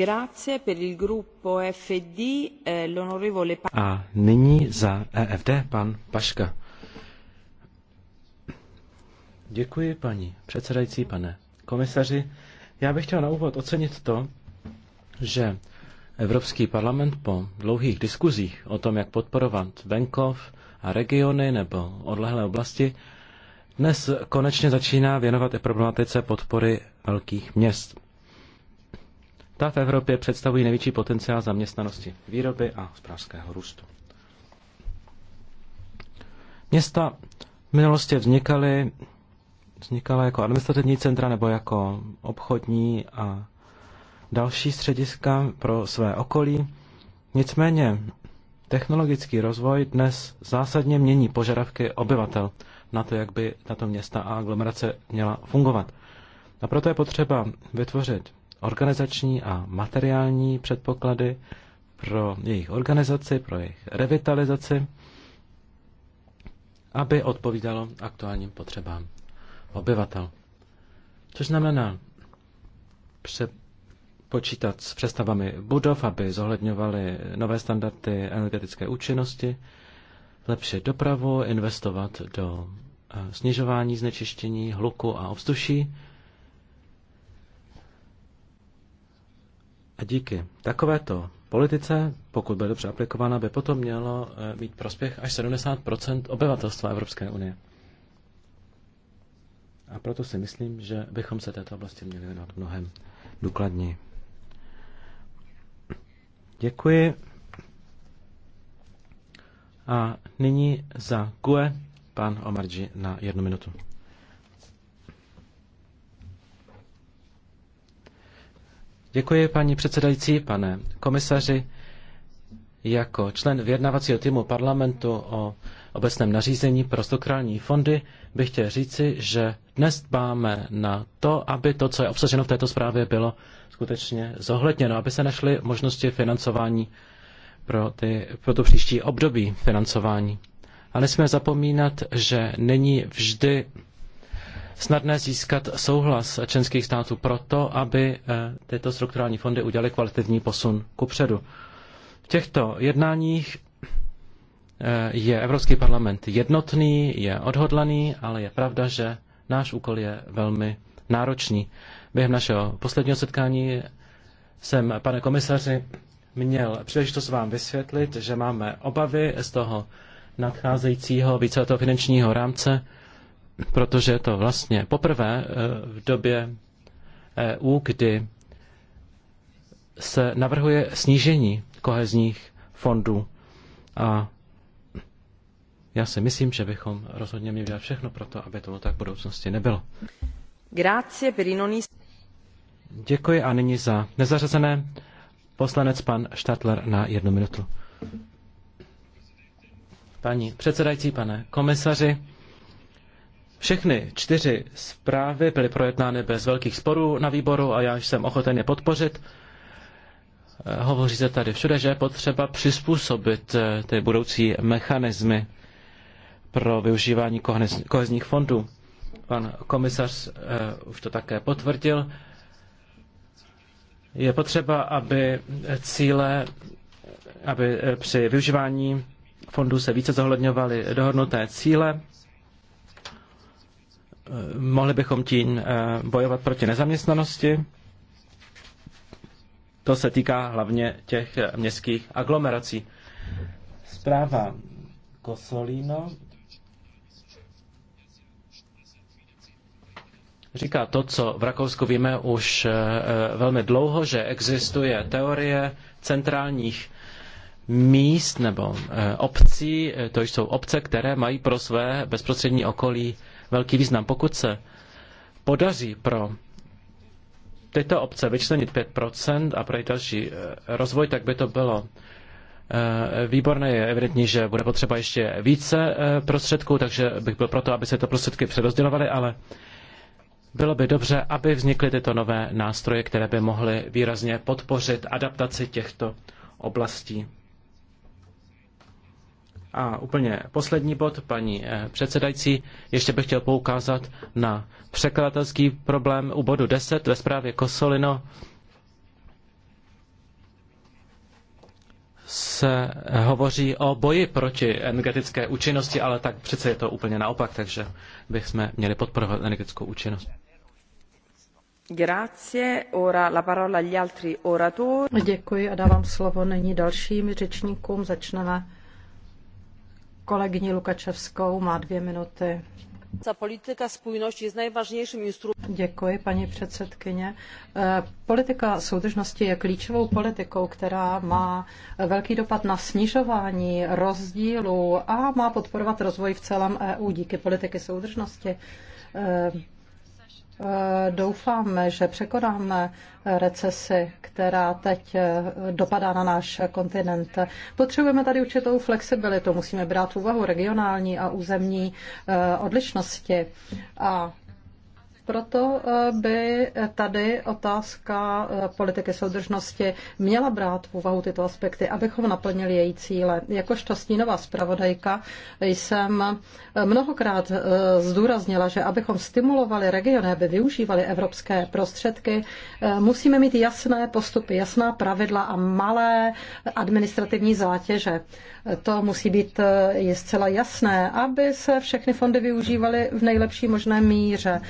Speaker 5: Eh,
Speaker 6: a nyní za EFD pan Paška. Děkuji, paní předsedající, pane komisaři. Já bych chtěl na úvod ocenit to, že Evropský parlament po dlouhých diskuzích o tom, jak podporovat venkov a regiony nebo odlehlé oblasti, dnes konečně začíná věnovat i problematice podpory velkých měst. Ta v Evropě představují největší potenciál zaměstnanosti výroby a hospodářského růstu. Města v minulosti vznikaly, vznikaly jako administrativní centra nebo jako obchodní a další střediska pro své okolí. Nicméně technologický rozvoj dnes zásadně mění požadavky obyvatel na to, jak by tato města a aglomerace měla fungovat. A proto je potřeba vytvořit organizační a materiální předpoklady pro jejich organizaci, pro jejich revitalizaci, aby odpovídalo aktuálním potřebám obyvatel. Což znamená počítat s přestavami budov, aby zohledňovaly nové standardy energetické účinnosti, lepší dopravu, investovat do eh, snižování znečištění hluku a ovzduší, A díky takovéto politice, pokud bude dobře aplikována, by potom mělo eh, mít prospěch až 70 obyvatelstva Evropské unie. A proto si myslím, že bychom se této oblasti měli věnovat mnohem důkladněji. Děkuji. A nyní za GUE pan Omarji na jednu minutu. Děkuji, paní předsedající, pane komisaři. Jako člen vyjednavacího týmu parlamentu o obecném nařízení pro strukturální fondy bych chtěl říci, že dnes dbáme na to, aby to, co je obsaženo v této zprávě, bylo skutečně zohledněno, aby se našly možnosti financování pro, ty, pro to příští období financování. Ale nesmíme zapomínat, že není vždy snadné získat souhlas členských států proto, aby eh, tyto strukturální fondy udělaly kvalitativní posun kupředu. V těchto jednáních eh, je Evropský parlament jednotný, je odhodlaný, ale je pravda, že náš úkol je velmi náročný. Během našeho posledního setkání jsem, pane komisaři, měl příležitost vám vysvětlit, že máme obavy z toho nadcházejícího víceletého finančního rámce, protože je to vlastně poprvé eh, v době EU, kdy se navrhuje snížení kohezních fondů. A já si myslím, že bychom rozhodně měli dělat všechno pro to, aby tomu tak v budoucnosti nebylo.
Speaker 1: Grazie
Speaker 6: Děkuji a nyní za nezařazené poslanec pan Štatler na jednu minutu. Paní předsedající, pane komisaři, všechny čtyři zprávy byly projednány bez velkých sporů na výboru a já jsem ochoten je podpořit. Eh, hovoří se tady všude, že je potřeba přizpůsobit eh, ty budoucí mechanismy pro využívání kohezních fondů. Pan komisař eh, už to také potvrdil. Je potřeba, aby cíle, aby při využívání fondů se více zohledňovaly dohodnuté cíle Mohli bychom tím eh, bojovat proti nezaměstnanosti. To se týká hlavně těch eh, městských aglomerací. Zpráva Kosolino říká to, co v Rakousku víme už eh, velmi dlouho, že existuje teorie centrálních míst nebo obcí, to jsou obce, které mají pro své bezprostřední okolí velký význam. Pokud se podaří pro tyto obce vyčlenit 5% a pro další eh, rozvoj, tak by to bylo eh, výborné. Je evidentní, že bude potřeba ještě více eh, prostředků, takže bych byl proto, aby se to prostředky přerozdělovaly, ale bylo by dobře, aby vznikly tyto nové nástroje, které by mohly výrazně podpořit adaptaci těchto oblastí. A úplně poslední bod, paní eh, předsedající, ještě bych chtěl poukázat na překladatelský problém u bodu 10 ve zprávě Kosolino. se hovoří o boji proti energetické účinnosti, ale tak přece je to úplně naopak, takže bychom měli podporovat energetickou účinnost.
Speaker 4: Grazie,
Speaker 1: ora la parola agli altri oratori.
Speaker 4: Děkuji a dávám slovo nyní dalším řečníkům. Začneme kolegyni Lukačevskou. Má dvě minuty. Politika spójności je najważniejszym instrumentem. Děkuji, paní předsedkyně. Eh, politika soudržnosti je klíčovou politikou, která má velký dopad na snižování rozdílů a má podporovat rozvoj v celém EU díky politiky soudržnosti eh, Eh, doufáme, že překonáme recesi, která teď eh, dopadá na náš kontinent. Potřebujeme tady určitou flexibilitu, musíme brát v úvahu regionální a územní eh, odlišnosti. A proto eh, by tady otázka eh, politiky soudržnosti měla brát v úvahu tyto aspekty, abychom naplnili její cíle. Jakožto stínová zpravodajka jsem eh, mnohokrát zdůraznila, že abychom stimulovali regiony, aby využívali evropské prostředky, musíme mít jasné postupy, jasná pravidla a malé administrativní zátěže. To musí být je zcela jasné, aby se všechny fondy využívaly v nejlepší možné míře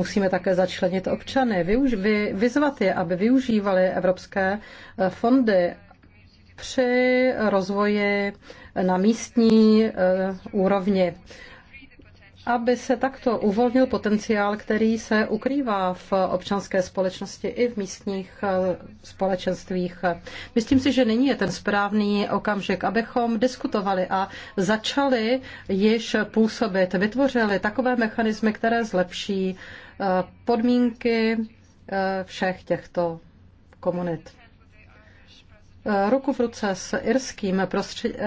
Speaker 4: musíme také začlenit občany, využ, vy, vyzvat je, aby využívali evropské eh, fondy při rozvoji na místní eh, úrovni aby se takto uvolnil potenciál, který se ukrývá v občanské společnosti i v místních eh, společenstvích. Myslím si, že nyní je ten správný okamžik, abychom diskutovali a začali již působit, vytvořili takové mechanismy, které zlepší podmínky eh, všech těchto komunit. Ruku v ruce s irským eh,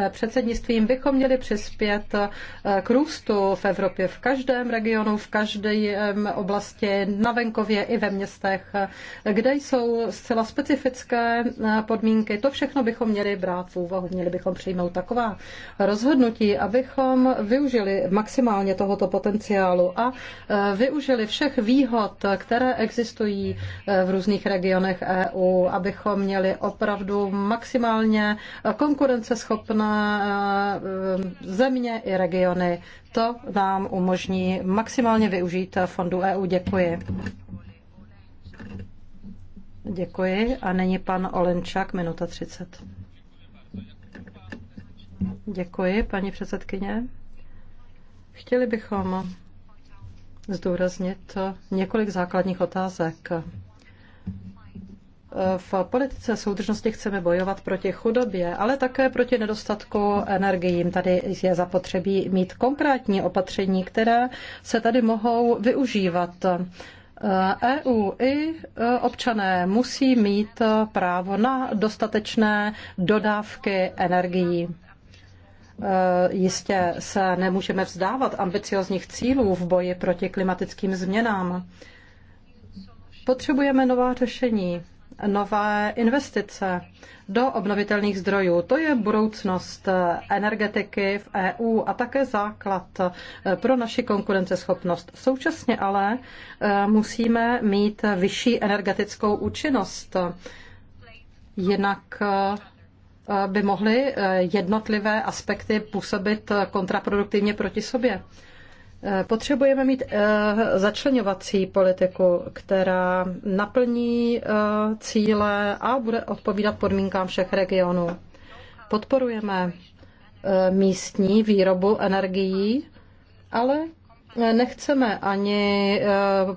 Speaker 4: předsednictvím bychom měli přispět eh, k růstu v Evropě v každém regionu, v každé oblasti, na venkově i ve městech, kde jsou zcela specifické eh, podmínky. To všechno bychom měli brát v úvahu, měli bychom přijmout taková rozhodnutí, abychom využili maximálně tohoto potenciálu a využili všech výhod, které existují v různých regionech EU, abychom měli opravdu maximálně konkurenceschopné eh, země i regiony. To nám umožní maximálně využít fondu EU. Děkuji. Děkuji. A není pan Olenčák, minuta 30. Děkuji, paní předsedkyně. Chtěli bychom zdůraznit několik základních otázek v politice soudržnosti chceme bojovat proti chudobě, ale také proti nedostatku energií. Tady je zapotřebí mít konkrétní opatření, které se tady mohou využívat. EU e i občané musí mít právo na dostatečné dodávky energií. Jistě se nemůžeme vzdávat ambiciozních cílů v boji proti klimatickým změnám. Potřebujeme nová řešení nové investice do obnovitelných zdrojů. To je budoucnost energetiky v EU a také základ eh, pro naši konkurenceschopnost. Současně ale eh, musíme mít vyšší energetickou účinnost. Jinak eh, by mohly jednotlivé aspekty působit kontraproduktivně proti sobě. Eh, potřebujeme mít eh, začlenovací politiku, která naplní eh, cíle a bude odpovídat podmínkám všech regionů. Podporujeme místní výrobu energií, ale nechceme ani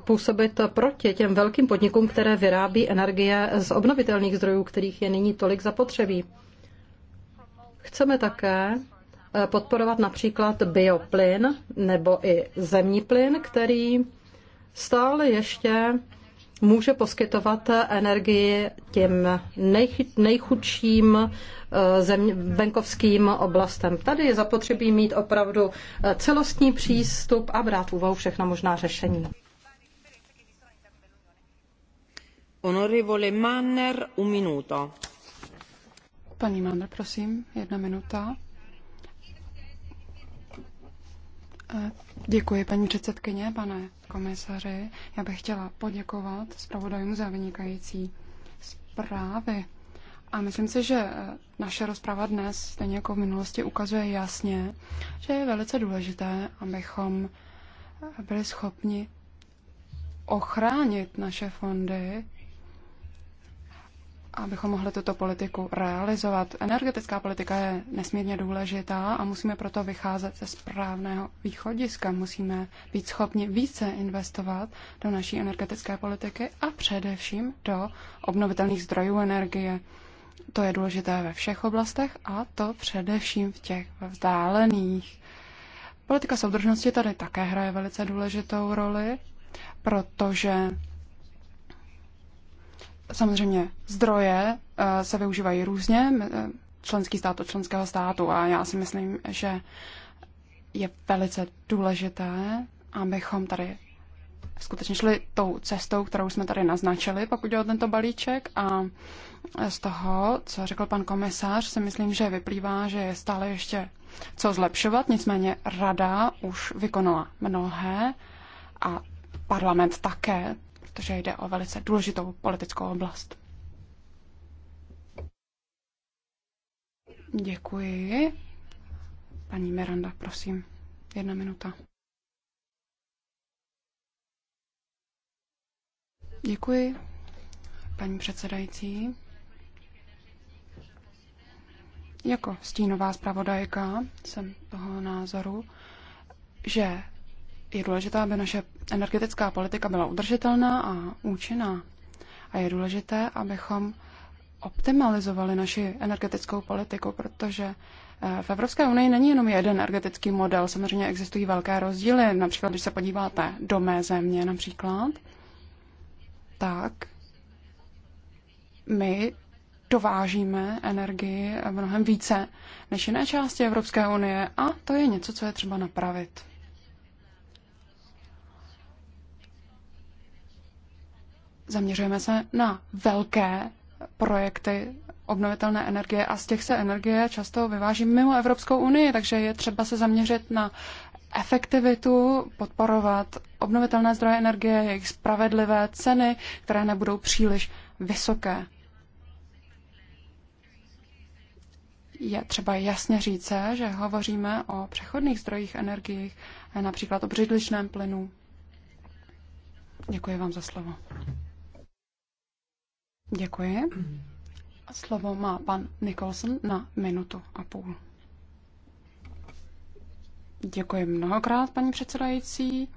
Speaker 4: působit proti těm velkým podnikům, které vyrábí energie z obnovitelných zdrojů, kterých je nyní tolik zapotřebí. Chceme také podporovat například bioplyn nebo i zemní plyn, který stále ještě může poskytovat energii těm nejchudším eh, venkovským oblastem. Tady je zapotřebí mít opravdu eh, celostní přístup a brát úvahu všechna možná řešení.
Speaker 1: Honorevole Manner, un minuto.
Speaker 7: Paní Manner, prosím, jedna minuta. Eh, děkuji, paní předsedkyně, pane komisaři. Já bych chtěla poděkovat zpravodajům za vynikající zprávy. A myslím si, že eh, naše rozprava dnes, stejně jako v minulosti, ukazuje jasně, že je velice důležité, abychom eh, byli schopni ochránit naše fondy abychom mohli tuto politiku realizovat. Energetická politika je nesmírně důležitá a musíme proto vycházet ze správného východiska. Musíme být schopni více investovat do naší energetické politiky a především do obnovitelných zdrojů energie. To je důležité ve všech oblastech a to především v těch vzdálených. Politika soudržnosti tady také hraje velice důležitou roli, protože Samozřejmě zdroje eh, se využívají různě, eh, členský stát od členského státu a já si myslím, že je velice důležité, abychom tady skutečně šli tou cestou, kterou jsme tady naznačili, pokud je o tento balíček a z toho, co řekl pan komisař, si myslím, že vyplývá, že je stále ještě co zlepšovat, nicméně rada už vykonala mnohé a parlament také protože jde o velice důležitou politickou oblast. Děkuji. Paní Miranda, prosím, jedna minuta. Děkuji, paní předsedající. Jako stínová zpravodajka jsem toho názoru, že je důležité, aby naše energetická politika byla udržitelná a účinná. A je důležité, abychom optimalizovali naši energetickou politiku, protože eh, v Evropské unii není jenom jeden energetický model, samozřejmě existují velké rozdíly. Například, když se podíváte do mé země například, tak my dovážíme energii mnohem více než jiné části Evropské unie a to je něco, co je třeba napravit. Zaměřujeme se na velké projekty obnovitelné energie a z těch se energie často vyváží mimo Evropskou unii, takže je třeba se zaměřit na efektivitu, podporovat obnovitelné zdroje energie, jejich spravedlivé ceny, které nebudou příliš vysoké. Je třeba jasně říct, že hovoříme o přechodných zdrojích energií, například o břidličném plynu. Děkuji vám za slovo. Děkuji. slovo má pan Nicholson na minutu a půl. Děkuji mnohokrát, paní předsedající.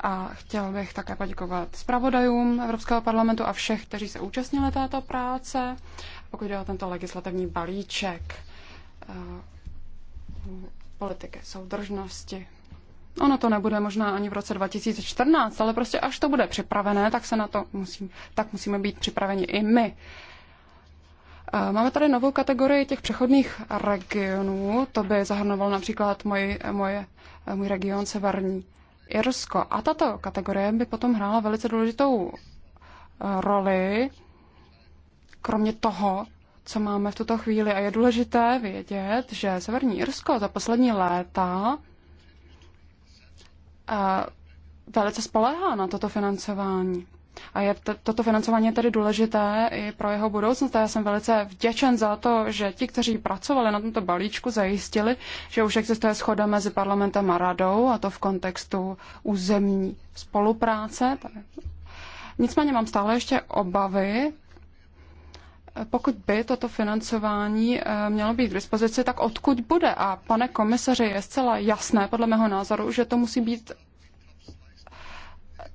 Speaker 7: A chtěl bych také poděkovat zpravodajům Evropského parlamentu a všech, kteří se účastnili této práce, pokud jde o tento legislativní balíček eh, politiky soudržnosti. Ono to nebude možná ani v roce 2014, ale prostě až to bude připravené, tak se na to musím, tak musíme být připraveni i my. Eh, máme tady novou kategorii těch přechodných regionů, to by zahrnoval například můj moje, eh, můj region Severní Irsko. A tato kategorie by potom hrála velice důležitou eh, roli, kromě toho, co máme v tuto chvíli. A je důležité vědět, že Severní Irsko za poslední léta velice spolehá na toto financování. A je toto financování je tedy důležité i pro jeho budoucnost. A já jsem velice vděčen za to, že ti, kteří pracovali na tomto balíčku, zajistili, že už existuje schoda mezi parlamentem a radou, a to v kontextu územní spolupráce. Nicméně mám stále ještě obavy pokud by toto financování eh, mělo být k dispozici, tak odkud bude? A pane komisaři, je zcela jasné, podle mého názoru, že to musí být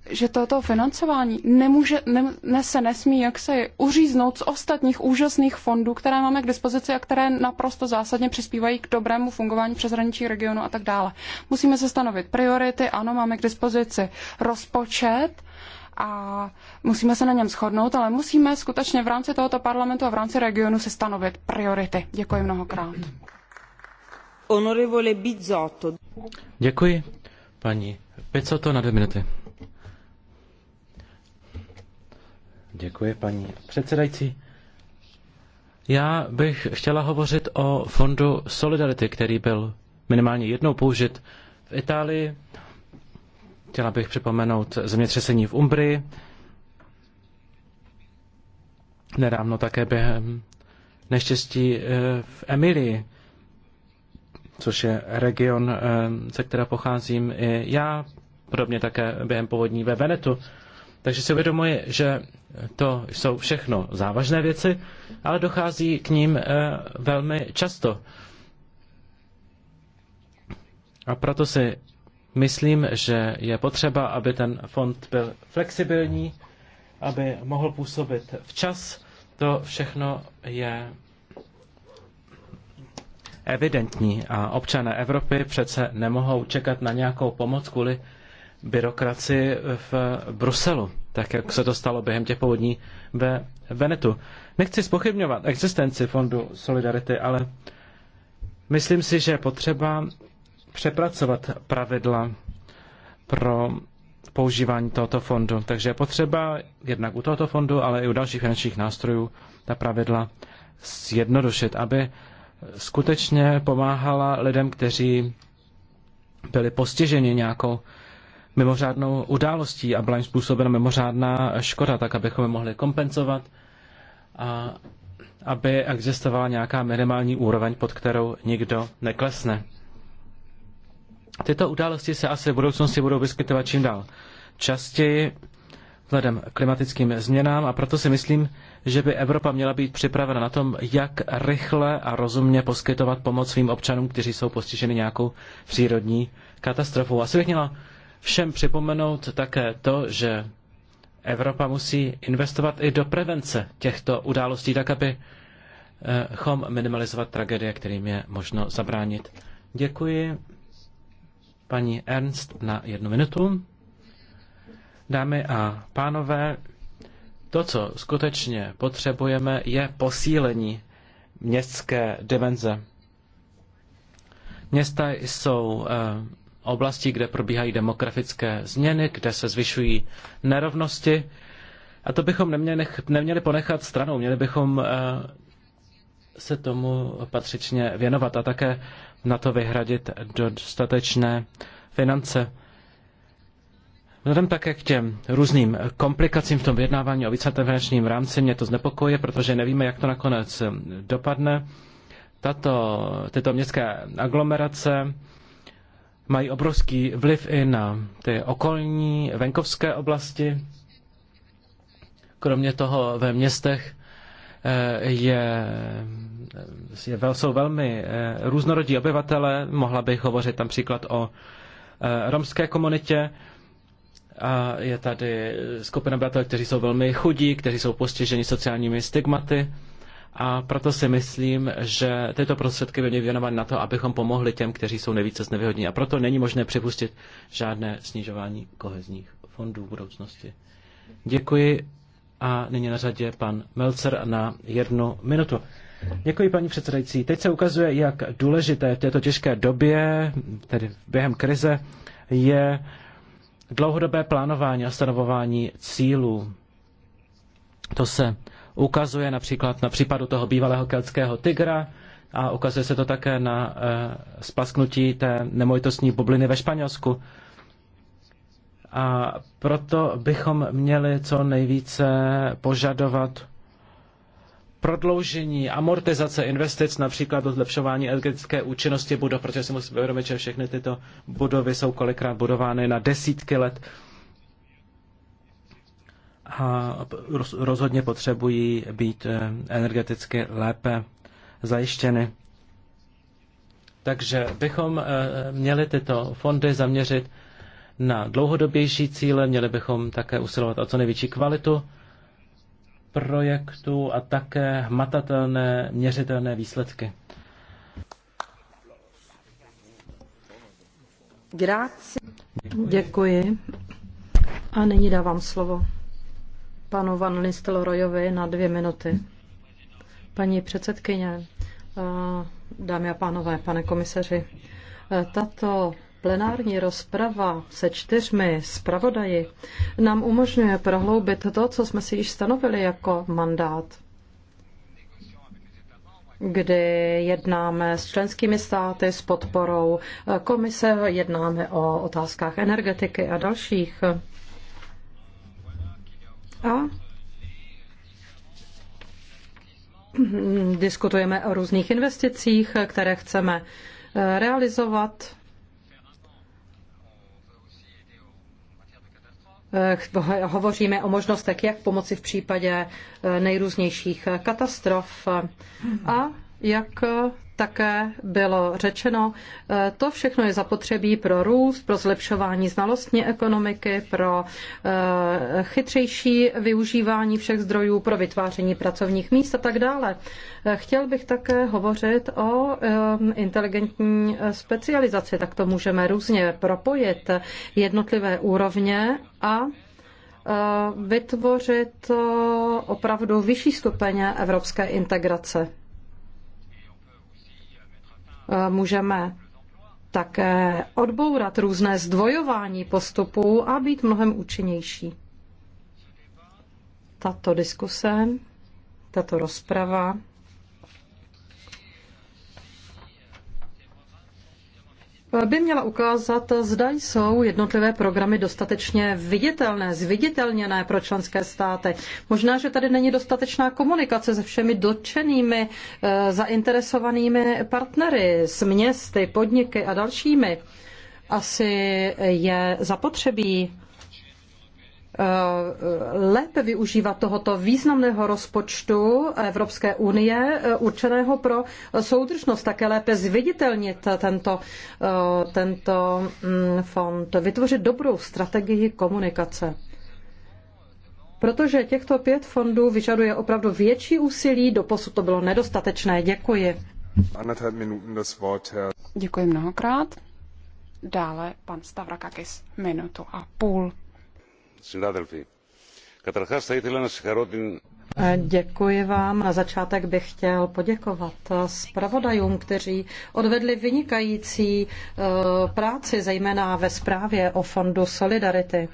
Speaker 7: že toto financování nemůže, ne, ne, se nesmí jak se uříznout z ostatních úžasných fondů, které máme k dispozici a které naprosto zásadně přispívají k dobrému fungování přeshraničí regionu a tak dále. Musíme se stanovit priority, ano, máme k dispozici rozpočet, a musíme se na něm shodnout, ale musíme skutečně v rámci tohoto parlamentu a v rámci regionu si stanovit priority. Děkuji mnohokrát.
Speaker 1: Honorevole Bizzotto.
Speaker 6: Děkuji, paní Pizzotto, na dvě minuty. Děkuji, paní předsedající. Já bych chtěla hovořit o fondu Solidarity, který byl minimálně jednou použit v Itálii Chtěla bych připomenout zemětřesení v Umbrii. Nedávno také během neštěstí eh, v Emilii, což je region, eh, ze kterého pocházím i já, podobně také během povodní ve Venetu. Takže si uvědomuji, že to jsou všechno závažné věci, ale dochází k ním eh, velmi často. A proto si Myslím, že je potřeba, aby ten fond byl flexibilní, aby mohl působit včas. To všechno je evidentní a občané Evropy přece nemohou čekat na nějakou pomoc kvůli byrokracii v Bruselu, tak jak se to stalo během těch povodní ve Venetu. Nechci spochybňovat existenci Fondu Solidarity, ale myslím si, že je potřeba přepracovat pravidla pro používání tohoto fondu. Takže je potřeba jednak u tohoto fondu, ale i u dalších finančních nástrojů ta pravidla zjednodušit, aby skutečně pomáhala lidem, kteří byli postiženi nějakou mimořádnou událostí a byla jim způsobena mimořádná škoda, tak abychom je mohli kompenzovat a aby existovala nějaká minimální úroveň, pod kterou nikdo neklesne. Tyto události se asi v budoucnosti budou vyskytovat čím dál častěji vzhledem klimatickým změnám a proto si myslím, že by Evropa měla být připravena na tom, jak rychle a rozumně poskytovat pomoc svým občanům, kteří jsou postiženi nějakou přírodní katastrofou. Asi bych měla všem připomenout také to, že Evropa musí investovat i do prevence těchto událostí, tak aby eh, chom minimalizovat tragédie, kterým je možno zabránit. Děkuji paní Ernst na jednu minutu. Dámy a pánové, to, co skutečně potřebujeme, je posílení městské dimenze. Města jsou eh, oblasti, kde probíhají demografické změny, kde se zvyšují nerovnosti. A to bychom neměli, neměli ponechat stranou, měli bychom eh, se tomu patřičně věnovat. A také na to vyhradit dostatečné finance. Vzhledem také k těm různým komplikacím v tom vyjednávání o víceletém finančním rámci mě to znepokojuje, protože nevíme, jak to nakonec dopadne. Tato, tyto městské aglomerace mají obrovský vliv i na ty okolní venkovské oblasti. Kromě toho ve městech je, je, jsou velmi eh, různorodí obyvatele. Mohla bych hovořit tam příklad o eh, romské komunitě. A je tady skupina obyvatel, kteří jsou velmi chudí, kteří jsou postiženi sociálními stigmaty. A proto si myslím, že tyto prostředky by měly věnovat na to, abychom pomohli těm, kteří jsou nejvíce znevýhodní. A proto není možné připustit žádné snižování kohezních fondů v budoucnosti. Děkuji a nyní na řadě pan Melcer na jednu minutu. Děkuji, paní předsedající. Teď se ukazuje, jak důležité v této těžké době, tedy během krize, je dlouhodobé plánování a stanovování cílů. To se ukazuje například na případu toho bývalého keltského tygra a ukazuje se to také na eh, splasknutí té nemovitostní bubliny ve Španělsku. A proto bychom měli co nejvíce požadovat prodloužení amortizace investic, například do zlepšování energetické účinnosti budov, protože si musíme uvědomit, že všechny tyto budovy jsou kolikrát budovány na desítky let a rozhodně potřebují být eh, energeticky lépe zajištěny. Takže bychom eh, měli tyto fondy zaměřit na dlouhodobější cíle, měli bychom také usilovat o co největší kvalitu projektu a také hmatatelné, měřitelné výsledky.
Speaker 1: Děkuji.
Speaker 4: Děkuji. A nyní dávám slovo panu Van Listelrojovi na dvě minuty. Paní předsedkyně, eh, dámy a pánové, pane komisaři, eh, tato Plenární rozprava se čtyřmi zpravodaji nám umožňuje prohloubit to, co jsme si již stanovili jako mandát kdy jednáme s členskými státy, s podporou komise, jednáme o otázkách energetiky a dalších. A diskutujeme o různých investicích, které chceme realizovat Eh, hovoříme o možnostech, jak pomoci v případě eh, nejrůznějších katastrof a jak eh, také bylo řečeno, eh, to všechno je zapotřebí pro růst, pro zlepšování znalostní ekonomiky, pro eh, chytřejší využívání všech zdrojů, pro vytváření pracovních míst a tak dále. Eh, chtěl bych také hovořit o inteligentní specializaci, tak to můžeme různě propojit jednotlivé úrovně a vytvořit opravdu vyšší stupeně evropské integrace. Eh, můžeme také odbourat různé zdvojování postupů a být mnohem účinnější. Tato diskuse, tato rozprava by měla ukázat, zda jsou jednotlivé programy dostatečně viditelné, zviditelněné pro členské státy. Možná, že tady není dostatečná komunikace se všemi dotčenými, eh, zainteresovanými partnery, s městy, podniky a dalšími. Asi je zapotřebí Eh, lépe využívat tohoto významného rozpočtu Evropské unie eh, určeného pro soudržnost, také lépe zviditelnit tento, eh, tento mm, fond, vytvořit dobrou strategii komunikace. Protože těchto pět fondů vyžaduje opravdu větší úsilí, doposud to bylo nedostatečné. Děkuji.
Speaker 7: Děkuji mnohokrát. Dále pan Stavrakakis minutu a půl.
Speaker 4: Děkuji vám. Na začátek bych chtěl poděkovat zpravodajům, kteří odvedli vynikající e, práci, zejména ve zprávě o Fondu Solidarity.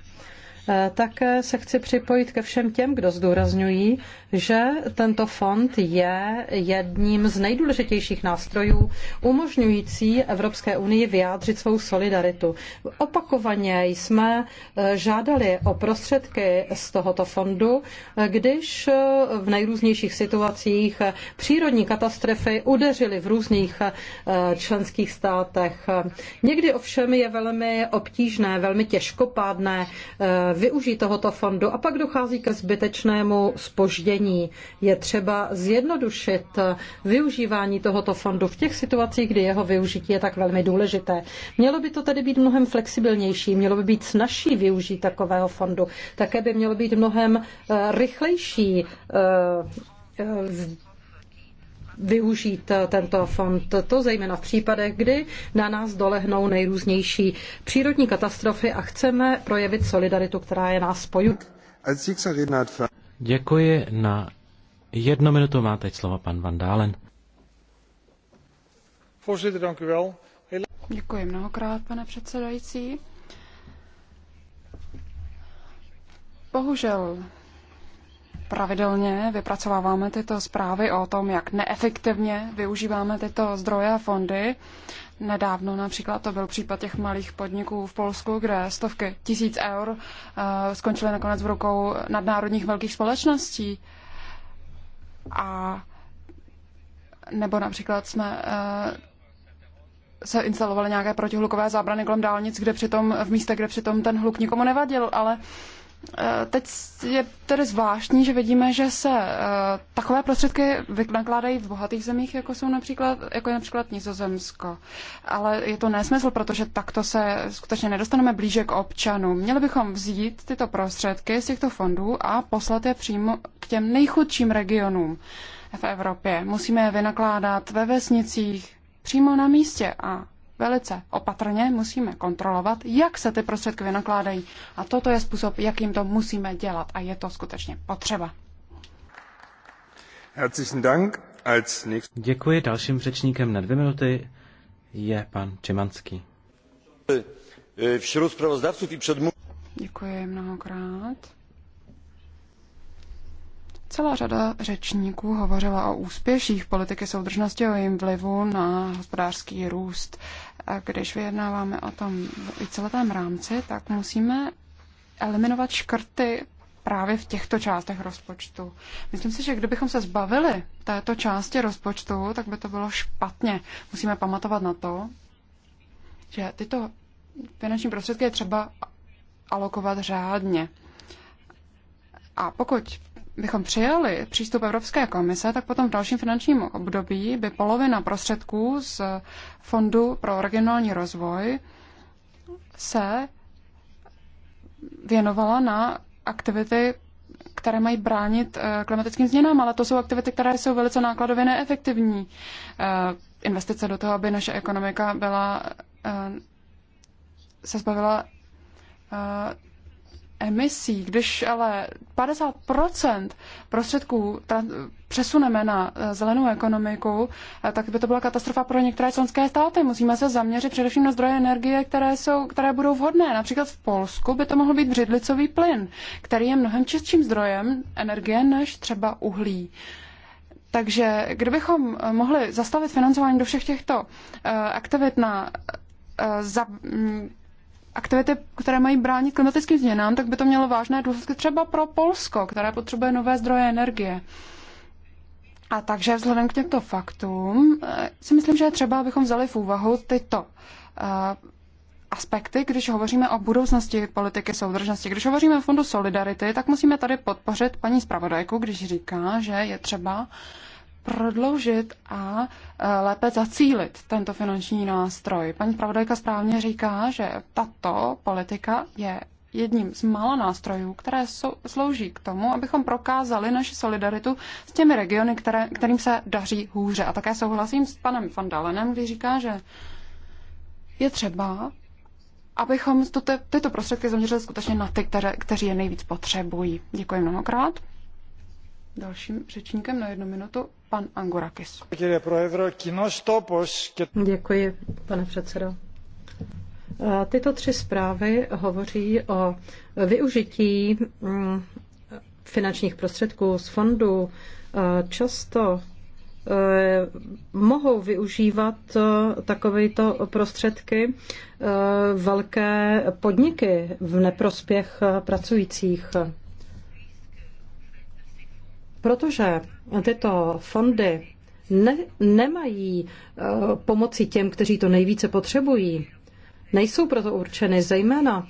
Speaker 4: E, také se chci připojit ke všem těm, kdo zdůrazňují, že tento fond je jedním z nejdůležitějších nástrojů umožňující Evropské unii vyjádřit svou solidaritu. Opakovaně jsme eh, žádali o prostředky z tohoto fondu, eh, když eh, v nejrůznějších situacích přírodní katastrofy udeřily v různých členských státech. Někdy ovšem je velmi obtížné, velmi těžkopádné využít tohoto fondu a pak dochází ke zbytečnému spoždění řešení. Je třeba zjednodušit využívání tohoto fondu v těch situacích, kdy jeho využití je tak velmi důležité. Mělo by to tedy být mnohem flexibilnější, mělo by být snažší využít takového fondu. Také by mělo být mnohem eh, rychlejší eh, eh, využít tento fond. To zejména v případech, kdy na nás dolehnou nejrůznější přírodní katastrofy a chceme projevit solidaritu, která je nás spojuje.
Speaker 6: Děkuji. Na jedno minutu má teď slovo pan Van Dálen.
Speaker 7: Děkuji mnohokrát, pane předsedající. Bohužel pravidelně vypracováváme tyto zprávy o tom, jak neefektivně využíváme tyto zdroje a fondy nedávno. Například to byl případ těch malých podniků v Polsku, kde stovky tisíc eur eh, skončily nakonec v rukou nadnárodních velkých společností. A nebo například jsme eh, se instalovaly nějaké protihlukové zábrany kolem dálnic, kde přitom, v místech, kde přitom ten hluk nikomu nevadil, ale uh, Eh, teď je tedy zvláštní, že vidíme, že se eh, takové prostředky vynakládají v bohatých zemích, jako, jsou například, jako je například Nizozemsko. Ale je to nesmysl, protože takto se skutečně nedostaneme blíže k občanům. Měli bychom vzít tyto prostředky z těchto fondů a poslat je přímo k těm nejchudším regionům v Evropě. Musíme je vynakládat ve vesnicích, přímo na místě a velice opatrně musíme kontrolovat, jak se ty prostředky vynakládají. A toto je způsob, jakým to musíme dělat. A je to skutečně potřeba.
Speaker 6: Děkuji. Dalším řečníkem na dvě minuty je pan Čemanský.
Speaker 5: Wśród sprawozdawców i
Speaker 6: przedmówców.
Speaker 7: Děkuji mnohokrát. Celá řada řečníků hovořila o úspěších politiky soudržnosti a o jejím vlivu na hospodářský růst když vyjednáváme o tom celém rámci, tak musíme eliminovat škrty právě v těchto částech rozpočtu. Myslím si, že kdybychom se zbavili této části rozpočtu, tak by to bylo špatně. Musíme pamatovat na to, že tyto finanční prostředky je třeba alokovat řádně. A pokud bychom přijali přístup Evropské komise, tak potom v dalším finančním období by polovina prostředků z Fondu pro regionální rozvoj se věnovala na aktivity, které mají bránit eh, klimatickým změnám, ale to jsou aktivity, které jsou velice nákladově neefektivní. Eh, investice do toho, aby naše ekonomika byla eh, se zbavila emisí, když ale 50 prostředků ta, přesuneme na eh, zelenou ekonomiku, eh, tak by to byla katastrofa pro některé členské státy. Musíme se zaměřit především na zdroje energie, které, jsou, které budou vhodné. Například v Polsku by to mohl být břidlicový plyn, který je mnohem čistším zdrojem energie než třeba uhlí. Takže kdybychom eh, mohli zastavit financování do všech těchto aktivit na za, aktivity, které mají bránit klimatickým změnám, tak by to mělo vážné důsledky třeba pro Polsko, které potřebuje nové zdroje energie. A takže vzhledem k těmto faktům eh, si myslím, že je třeba, abychom vzali v úvahu tyto eh, aspekty, když hovoříme o budoucnosti politiky soudržnosti. Když hovoříme o fondu Solidarity, tak musíme tady podpořit paní zpravodajku, když říká, že je třeba uh, prodloužit a e, lépe zacílit tento finanční nástroj. Paní pravodajka správně říká, že tato politika je jedním z mála nástrojů, které sou, slouží k tomu, abychom prokázali naši solidaritu s těmi regiony, které, kterým se daří hůře. A také souhlasím s panem Van Dalenem, když říká, že je třeba, abychom tuto, tyto prostředky zaměřili skutečně na ty, které, kteří je nejvíc potřebují. Děkuji mnohokrát. Dalším řečníkem na jednu minutu pan Angurakis. Děkuji, pane předsedo. Eh, tyto tři zprávy hovoří
Speaker 4: o využití mm, finančních prostředků z fondů. Eh, často eh, mohou využívat takovéto prostředky velké podniky v neprospěch pracujících protože tyto fondy ne, nemají eh, pomoci těm, kteří to nejvíce potřebují. Nejsou proto určeny zejména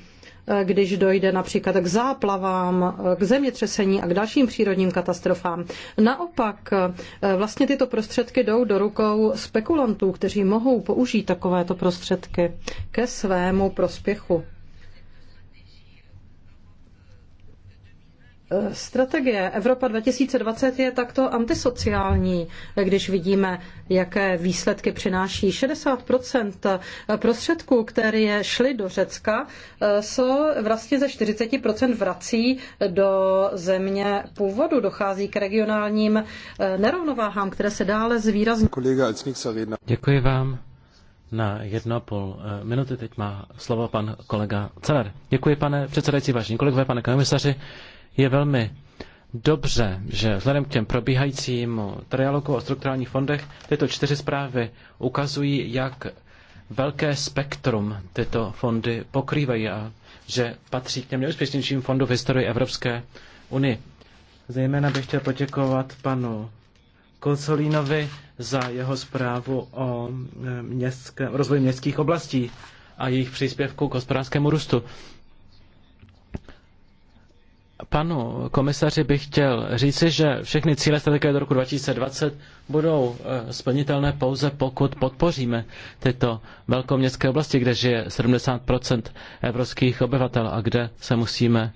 Speaker 4: eh, když dojde například k záplavám, eh, k zemětřesení a k dalším přírodním katastrofám. Naopak, vlastně tyto prostředky jdou do rukou spekulantů, kteří mohou použít takovéto prostředky ke svému prospěchu. Strategie Evropa 2020 je takto antisociální, když vidíme, jaké výsledky přináší. 60 prostředků, které šly do Řecka, se vlastně ze 40 vrací do země původu. Dochází k regionálním eh, nerovnováhám, které se dále zvýrazní.
Speaker 6: Děkuji vám. Na jedno půl eh, minuty teď má slovo pan kolega Celer. Děkuji, pane předsedající, vážení kolegové, pane komisaři. Je velmi dobře, že vzhledem k těm probíhajícím trialogu o strukturálních fondech tyto čtyři zprávy ukazují, jak velké spektrum tyto fondy pokrývají a že patří k těm nejúspěšnějším fondům v historii Evropské unie. Zejména bych chtěl poděkovat panu Kocolínovi za jeho zprávu o e, městské, rozvoji městských oblastí a jejich příspěvku k hospodářskému růstu. Panu komisaři bych chtěl říci, že všechny cíle strategie do roku 2020 budou eh, splnitelné pouze pokud podpoříme tyto velkoměstské oblasti, kde žije 70 evropských obyvatel a kde se musíme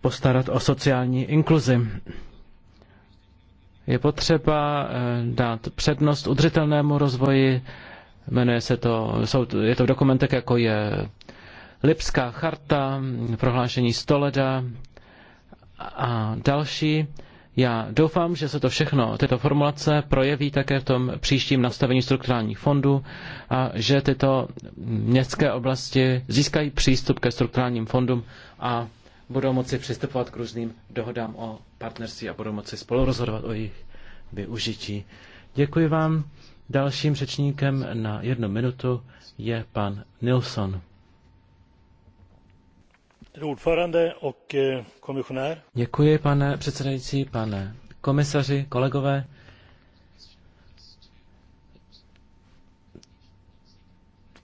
Speaker 6: postarat o sociální inkluzi. Je potřeba eh, dát přednost udržitelnému rozvoji, jmenuje se to, jsou, je to v dokumentech jako je Lipská charta, prohlášení Stoleda, a další. Já doufám, že se to všechno, tyto formulace projeví také v tom příštím nastavení strukturálních fondů a že tyto městské oblasti získají přístup ke strukturálním fondům a budou moci přistupovat k různým dohodám o partnerství a budou moci spolu rozhodovat o jejich využití. Děkuji vám. Dalším řečníkem na jednu minutu je pan Nilsson.
Speaker 3: Eh,
Speaker 6: Děkuji, pane předsedající, pane komisaři, kolegové.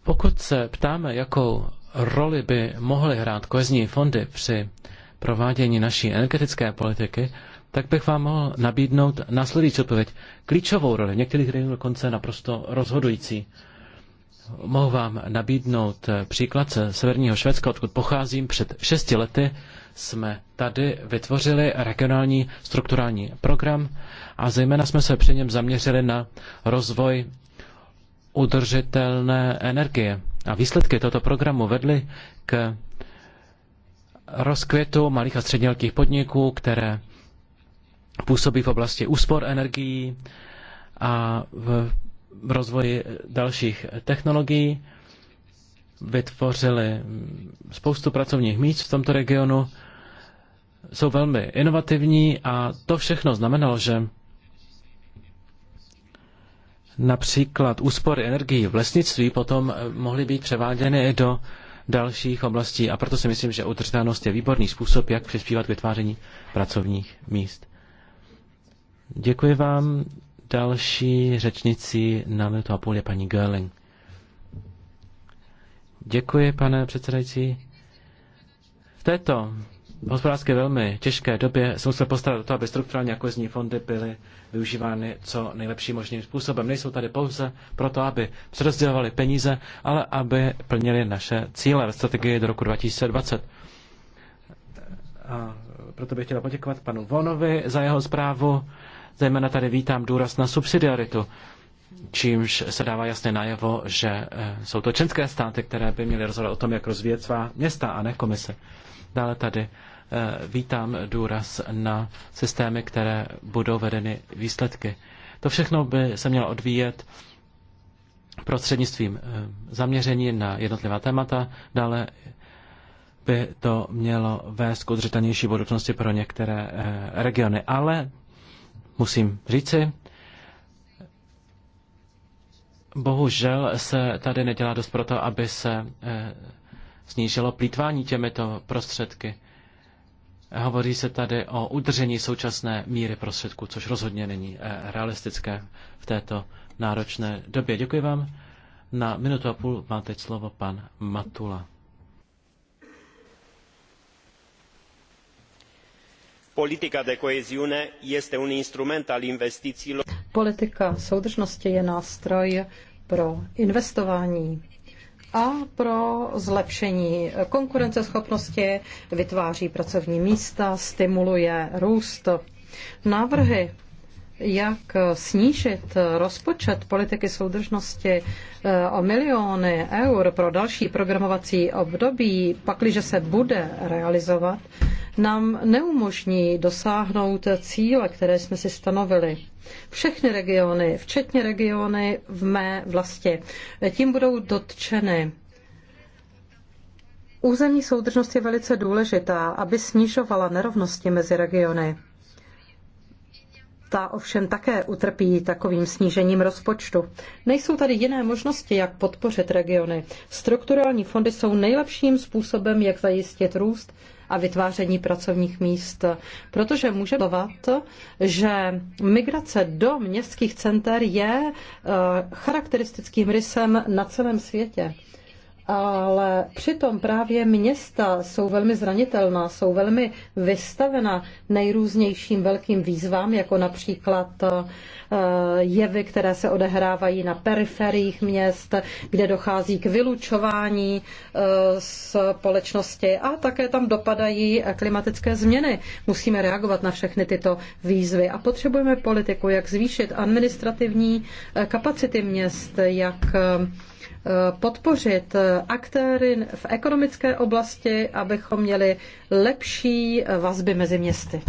Speaker 6: Pokud se ptáme, jakou roli by mohly hrát kohezní fondy při provádění naší energetické politiky, tak bych vám mohl nabídnout následující odpověď. Klíčovou roli, některých regionů dokonce naprosto rozhodující. Mohu vám nabídnout příklad ze severního Švédska, odkud pocházím. Před šesti lety jsme tady vytvořili regionální strukturální program a zejména jsme se při něm zaměřili na rozvoj udržitelné energie. A výsledky tohoto programu vedly k rozkvětu malých a středně velkých podniků, které působí v oblasti úspor energií a v rozvoji dalších technologií, vytvořili spoustu pracovních míst v tomto regionu, jsou velmi inovativní a to všechno znamenalo, že například úspory energií v lesnictví potom mohly být převáděny i do dalších oblastí a proto si myslím, že udržitelnost je výborný způsob, jak přispívat k vytváření pracovních míst. Děkuji vám. Další řečnici na minutu a půl je paní Görling. Děkuji, pane předsedající. V této hospodářské velmi těžké době se musíme postarat o to, aby strukturální a kohezní fondy byly využívány co nejlepším možným způsobem. Nejsou tady pouze proto, aby přerozdělovali peníze, ale aby plnili naše cíle ve strategii do roku 2020. A proto bych chtěla poděkovat panu Vonovi za jeho zprávu. Zejména tady vítám důraz na subsidiaritu, čímž se dává jasně najevo, že eh, jsou to členské státy, které by měly rozhodovat o tom, jak rozvíjet svá města a ne komise. Dále tady eh, vítám důraz na systémy, které budou vedeny výsledky. To všechno by se mělo odvíjet prostřednictvím eh, zaměření na jednotlivá témata, dále by to mělo vést k udržitelnější budoucnosti pro některé regiony. Ale musím říci. Bohužel se tady nedělá dost proto, aby se eh, snížilo plítvání těmito prostředky. Hovoří se tady o udržení současné míry prostředků, což rozhodně není eh, realistické v této náročné době. Děkuji vám. Na minutu a půl má teď slovo pan Matula.
Speaker 3: politika de coeziune este un instrument al investițiilor.
Speaker 4: Politika soudržnosti je nástroj pro investování a pro zlepšení konkurenceschopnosti, vytváří pracovní místa, stimuluje růst. Návrhy, jak snížit rozpočet politiky soudržnosti eh, o miliony eur pro další programovací období, pakliže se bude realizovat, nám neumožní dosáhnout cíle, které jsme si stanovili. Všechny regiony, včetně regiony v mé vlasti, tím budou dotčeny. Územní soudržnost je velice důležitá, aby snižovala nerovnosti mezi regiony. Ta ovšem také utrpí takovým snížením rozpočtu. Nejsou tady jiné možnosti, jak podpořit regiony. Strukturální fondy jsou nejlepším způsobem, jak zajistit růst a vytváření pracovních míst, protože může dovat, že migrace do městských center je eh, charakteristickým rysem na celém světě ale přitom právě města jsou velmi zranitelná, jsou velmi vystavena nejrůznějším velkým výzvám, jako například eh, jevy, které se odehrávají na periferiích měst, kde dochází k vylučování eh, společnosti a také tam dopadají klimatické změny. Musíme reagovat na všechny tyto výzvy a potřebujeme politiku, jak zvýšit administrativní eh, kapacity měst, jak Eh, podpořit eh, aktéry v ekonomické oblasti, abychom měli lepší eh, vazby mezi městy.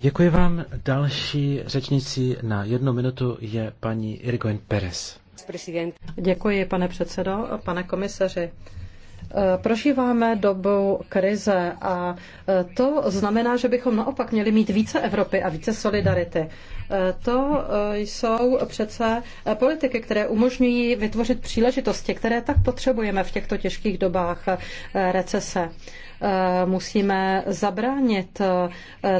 Speaker 6: Děkuji vám. Další řečnici na jednu minutu je paní Irgoin Perez.
Speaker 4: Děkuji, pane předsedo, pane komisaři. Eh, prožíváme dobu krize a eh, to znamená, že bychom naopak měli mít více Evropy a více solidarity. Eh, to jsou přece politiky, které umožňují vytvořit příležitosti, které tak potřebujeme v těchto těžkých dobách recese. Eh, musíme zabránit eh,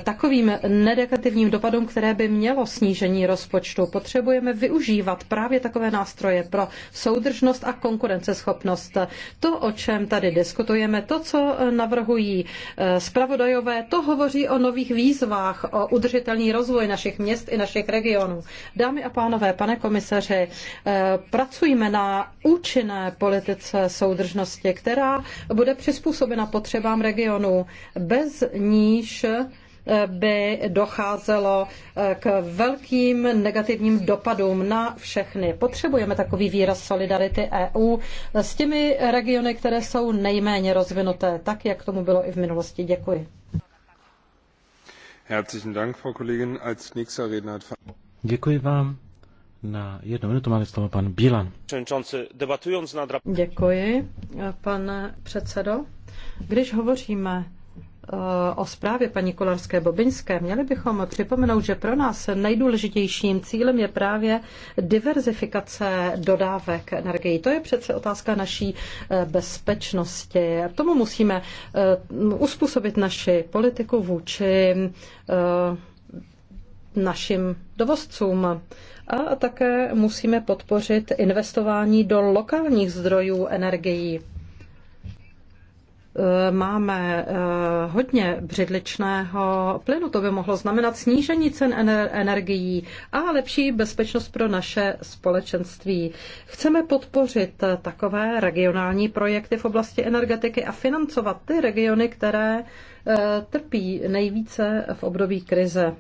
Speaker 4: takovým negativním dopadům, které by mělo snížení rozpočtu. Potřebujeme využívat právě takové nástroje pro soudržnost a konkurenceschopnost. To, o čem tady diskutujeme, to, co navrhují eh, zpravodajové, to hovoří o nových výzvách, o udržitelný rozvoj našich měst i našich regionů. Dámy a pánové, pane komisaři, pracujme na účinné politice soudržnosti, která bude přizpůsobena potřebám potřebám regionu, bez níž eh, by docházelo eh, k velkým negativním dopadům na všechny. Potřebujeme takový výraz solidarity EU s těmi regiony, které jsou nejméně rozvinuté, tak jak tomu bylo i v minulosti. Děkuji.
Speaker 6: Děkuji vám. Na jednu minutu máme slovo pan Bílan.
Speaker 4: Děkuji, pane předsedo. Když hovoříme eh, o zprávě paní Kolarské Bobiňské, měli bychom připomenout, že pro nás nejdůležitějším cílem je právě diverzifikace dodávek energie. To je přece otázka naší eh, bezpečnosti. K tomu musíme eh, uspůsobit naši politiku vůči našim dovozcům. A také musíme podpořit investování do lokálních zdrojů energií. E, máme e, hodně břidličného plynu. To by mohlo znamenat snížení cen energií a lepší bezpečnost pro naše společenství. Chceme podpořit takové regionální projekty v oblasti energetiky a financovat ty regiony, které e, trpí nejvíce v období krize.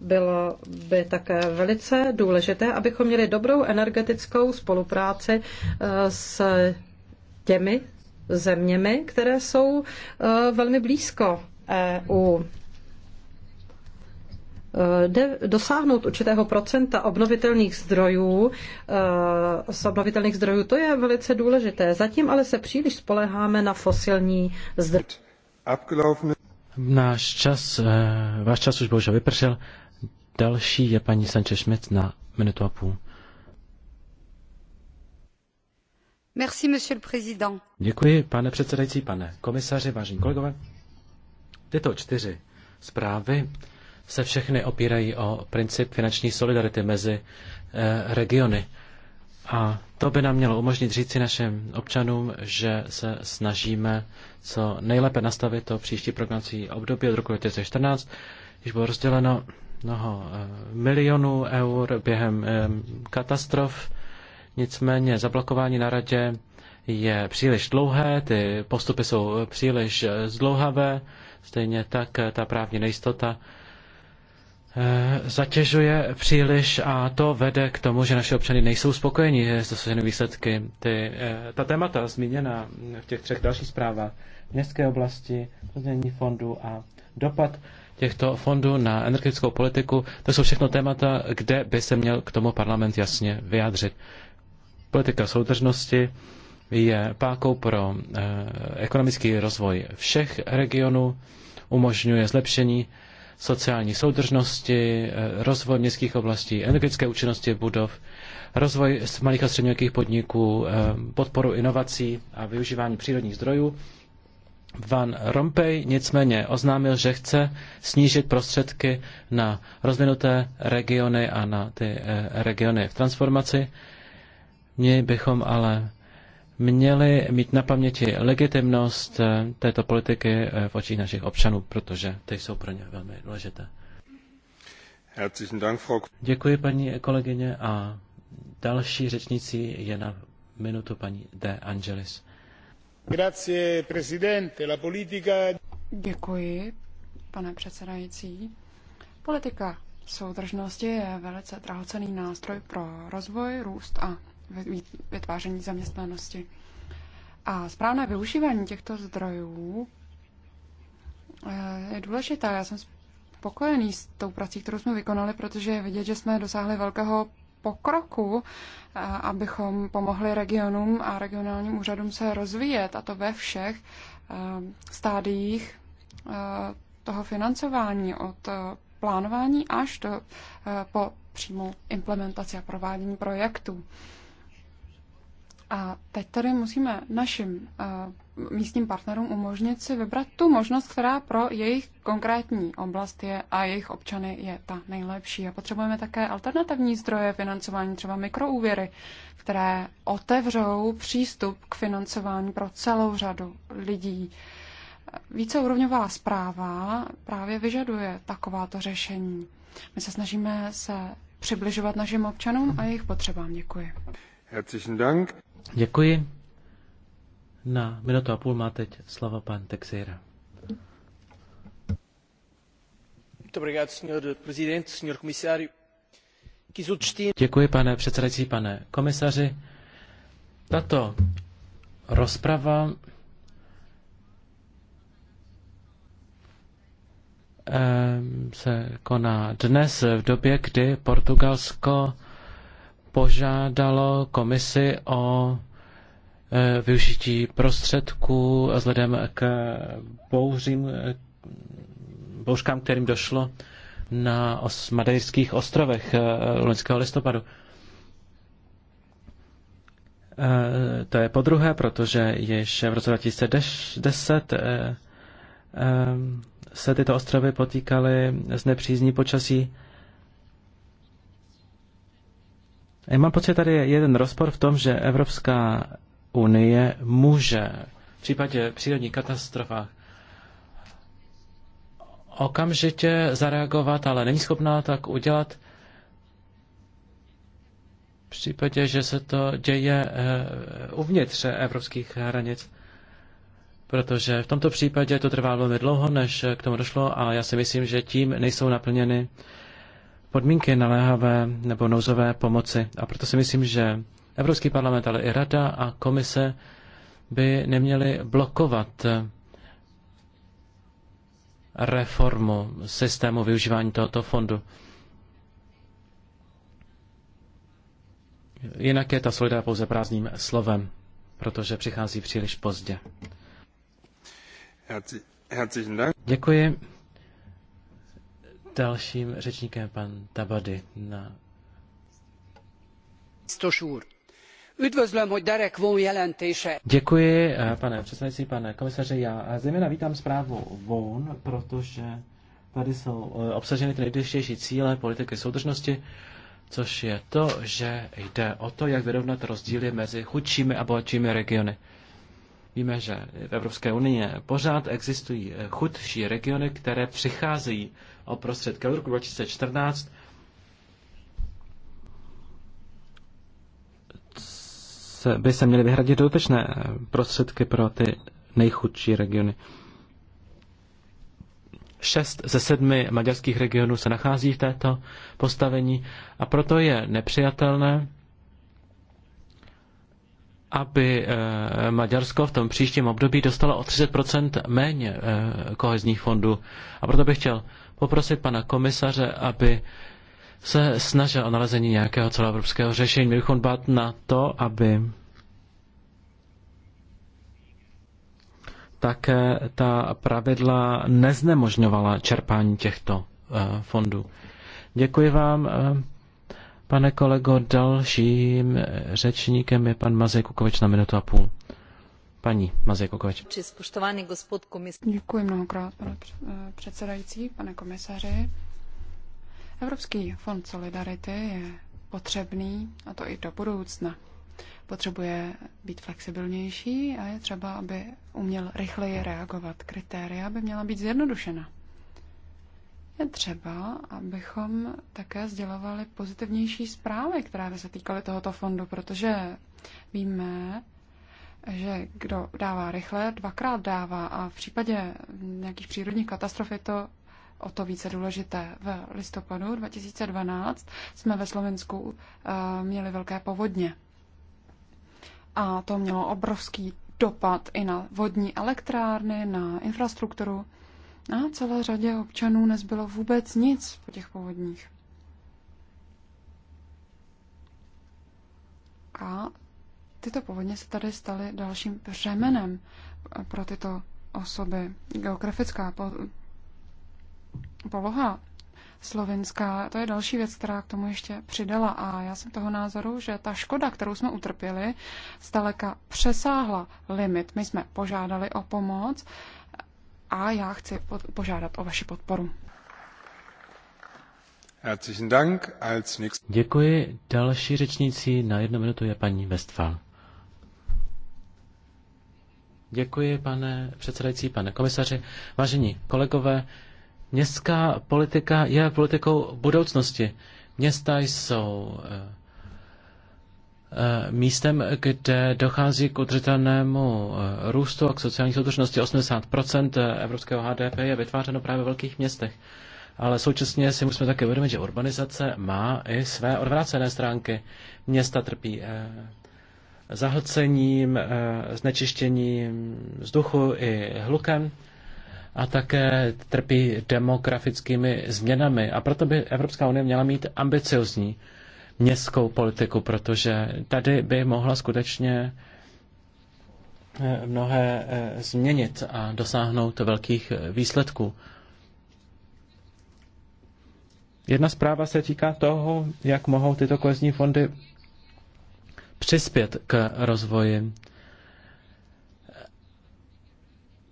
Speaker 4: Bylo by také velice důležité, abychom měli dobrou energetickou spolupráci s těmi zeměmi, které jsou eh, velmi blízko EU. Eh, De, dosáhnout určitého procenta obnovitelných zdrojů, eh, z obnovitelných zdrojů, to je velice důležité. Zatím ale se příliš spoleháme na fosilní zdroje.
Speaker 6: Náš čas, váš čas už bohužel vypršel. Další je paní Sanchez Schmidt na minutu a půl. Děkuji, pane předsedající, pane komisaři, vážení kolegové. Tyto čtyři zprávy se všechny opírají o princip finanční solidarity mezi eh, regiony. A to by nám mělo umožnit říci našim občanům, že se snažíme co nejlépe nastavit to příští programovací období od roku 2014, když bylo rozděleno mnoho eh, milionů eur během eh, katastrof Nicméně zablokování na radě je příliš dlouhé, ty postupy jsou příliš eh, zdlouhavé, stejně tak eh, ta právní nejistota eh, zatěžuje příliš a to vede k tomu, že naše občany nejsou spokojeni s dosaženými výsledky. Ty, ta témata zmíněna v těch třech dalších zprávách městské oblasti, rozdělení fondů a dopad těchto fondů na energetickou politiku, to jsou všechno témata, kde by se měl k tomu parlament jasně vyjádřit. Politika soudržnosti je pákou pro eh, ekonomický rozvoj všech regionů, umožňuje zlepšení sociální soudržnosti, eh, rozvoj městských oblastí, energetické účinnosti budov, rozvoj malých a středních podniků, eh, podporu inovací a využívání přírodních zdrojů. Van Rompuy nicméně oznámil, že chce snížit prostředky na rozvinuté regiony a na ty regiony v transformaci my bychom ale měli mít na paměti legitimnost eh, této politiky eh, v očích našich občanů, protože ty jsou pro ně velmi důležité. Děkuji paní kolegyně a další řečnicí je na minutu paní De Angelis. Grazie, presidente. La politica...
Speaker 7: Děkuji, pane předsedající. Politika soudržnosti je velice drahocený nástroj pro rozvoj, růst a vytváření zaměstnanosti. A správné využívání těchto zdrojů eh, je důležité. Já jsem spokojený s tou prací, kterou jsme vykonali, protože je vidět, že jsme dosáhli velkého pokroku, eh, abychom pomohli regionům a regionálním úřadům se rozvíjet, a to ve všech eh, stádiích toho financování, od plánování až do, po přímou implementaci a provádění projektů. A teď tady musíme našim eh, místním partnerům umožnit si vybrat tu možnost, která pro jejich konkrétní oblast je a jejich občany je ta nejlepší. A potřebujeme také alternativní zdroje financování, třeba mikroúvěry, které otevřou přístup k financování pro celou řadu lidí. Víceúrovňová zpráva právě vyžaduje takováto řešení. My se snažíme se přibližovat našim občanům a jejich potřebám. Děkuji.
Speaker 8: Herzlichen Dank.
Speaker 6: Děkuji. Na minutu a půl má teď slava pan Texeira. Děkuji, pane předsedající, pane komisaři. Tato rozprava eh, se koná dnes v době, kdy Portugalsko požádalo komisi o e, využití prostředků vzhledem k bouřím, e, bouřkám, kterým došlo na os- Madejských ostrovech e, loňského listopadu. To je podruhé, protože již v roce 2010 se tyto ostrovy potýkaly s nepřízní počasí Já mám pocit, tady je jeden rozpor v tom, že Evropská unie může v případě přírodní katastrofa okamžitě zareagovat, ale není schopná tak udělat v případě, že se to děje eh, uvnitř evropských hranic. Protože v tomto případě to trvá velmi dlouho, než k tomu došlo a já si myslím, že tím nejsou naplněny podmínky naléhavé nebo nouzové pomoci. A proto si myslím, že Evropský parlament, ale i Rada a Komise by neměly blokovat reformu systému využívání tohoto fondu. Jinak je ta solidarita pouze prázdným slovem, protože přichází příliš pozdě. Děkuji. Dalším řečníkem pan Tabady na...
Speaker 7: Stošůr. Üdvözlöm, hogy Derek von jelentése.
Speaker 6: Děkuji, eh, pane předsedající, pane komisaři. Já eh, zejména vítám zprávu von, protože tady jsou eh, obsaženy ty nejdůležitější cíle politiky soudržnosti, což je to, že jde o to, jak vyrovnat rozdíly mezi chudšími a bohatšími regiony. Víme, že v Evropské unii pořád existují chudší regiony, které přicházejí o prostředky od roku 2014 by se měly vyhradit dodatečné eh, prostředky pro ty nejchudší regiony. Šest ze sedmi maďarských regionů se nachází v této postavení a proto je nepřijatelné, aby eh, Maďarsko v tom příštím období dostalo o 30 méně eh, kohezních fondů. A proto bych chtěl poprosit pana komisaře, aby se snažil o nalezení nějakého celoevropského řešení. Měli bychom dbát na to, aby také ta pravidla neznemožňovala čerpání těchto eh, fondů. Děkuji vám, eh, pane kolego. Dalším eh, řečníkem je pan Mazej Kukovič na minutu a půl. Paní Mazej
Speaker 7: Děkuji mnohokrát, pane eh, předsedající, pane komisaři. Evropský fond Solidarity je potřebný, a to i do budoucna. Potřebuje být flexibilnější a je třeba, aby uměl rychleji reagovat. Kritéria by měla být zjednodušena. Je třeba, abychom také sdělovali pozitivnější zprávy, které by se týkaly tohoto fondu, protože víme, že kdo dává rychle, dvakrát dává a v případě nějakých přírodních katastrof je to o to více důležité. V listopadu 2012 jsme ve Slovensku eh, měli velké povodně. A to mělo obrovský dopad i na vodní elektrárny, na infrastrukturu. A celé řadě občanů nezbylo vůbec nic po těch povodních. A tyto povodně se tady staly dalším břemenem pro tyto osoby. Geografická po, poloha slovinská, to je další věc, která k tomu ještě přidala. A já jsem toho názoru, že ta škoda, kterou jsme utrpěli, zdaleka přesáhla limit. My jsme požádali o pomoc a já chci pod, požádat o vaši podporu.
Speaker 6: Děkuji. Další řečnící na jednu minutu je paní Westphal. Děkuji, pane předsedající, pane komisaři. Vážení kolegové, městská politika je politikou budoucnosti. Města jsou eh, eh, místem, kde dochází k udržitelnému eh, růstu a k sociální soudržnosti. 80 evropského HDP je vytvářeno právě v velkých městech. Ale současně si musíme také uvědomit, že urbanizace má i své odvrácené stránky. Města trpí zahlcením, eh, znečištěním vzduchu i hlukem a také trpí demografickými změnami. A proto by Evropská unie měla mít ambiciozní městskou politiku, protože tady by mohla skutečně eh, mnohé eh, změnit a dosáhnout velkých výsledků. Jedna zpráva se týká toho, jak mohou tyto kohezní fondy přispět k rozvoji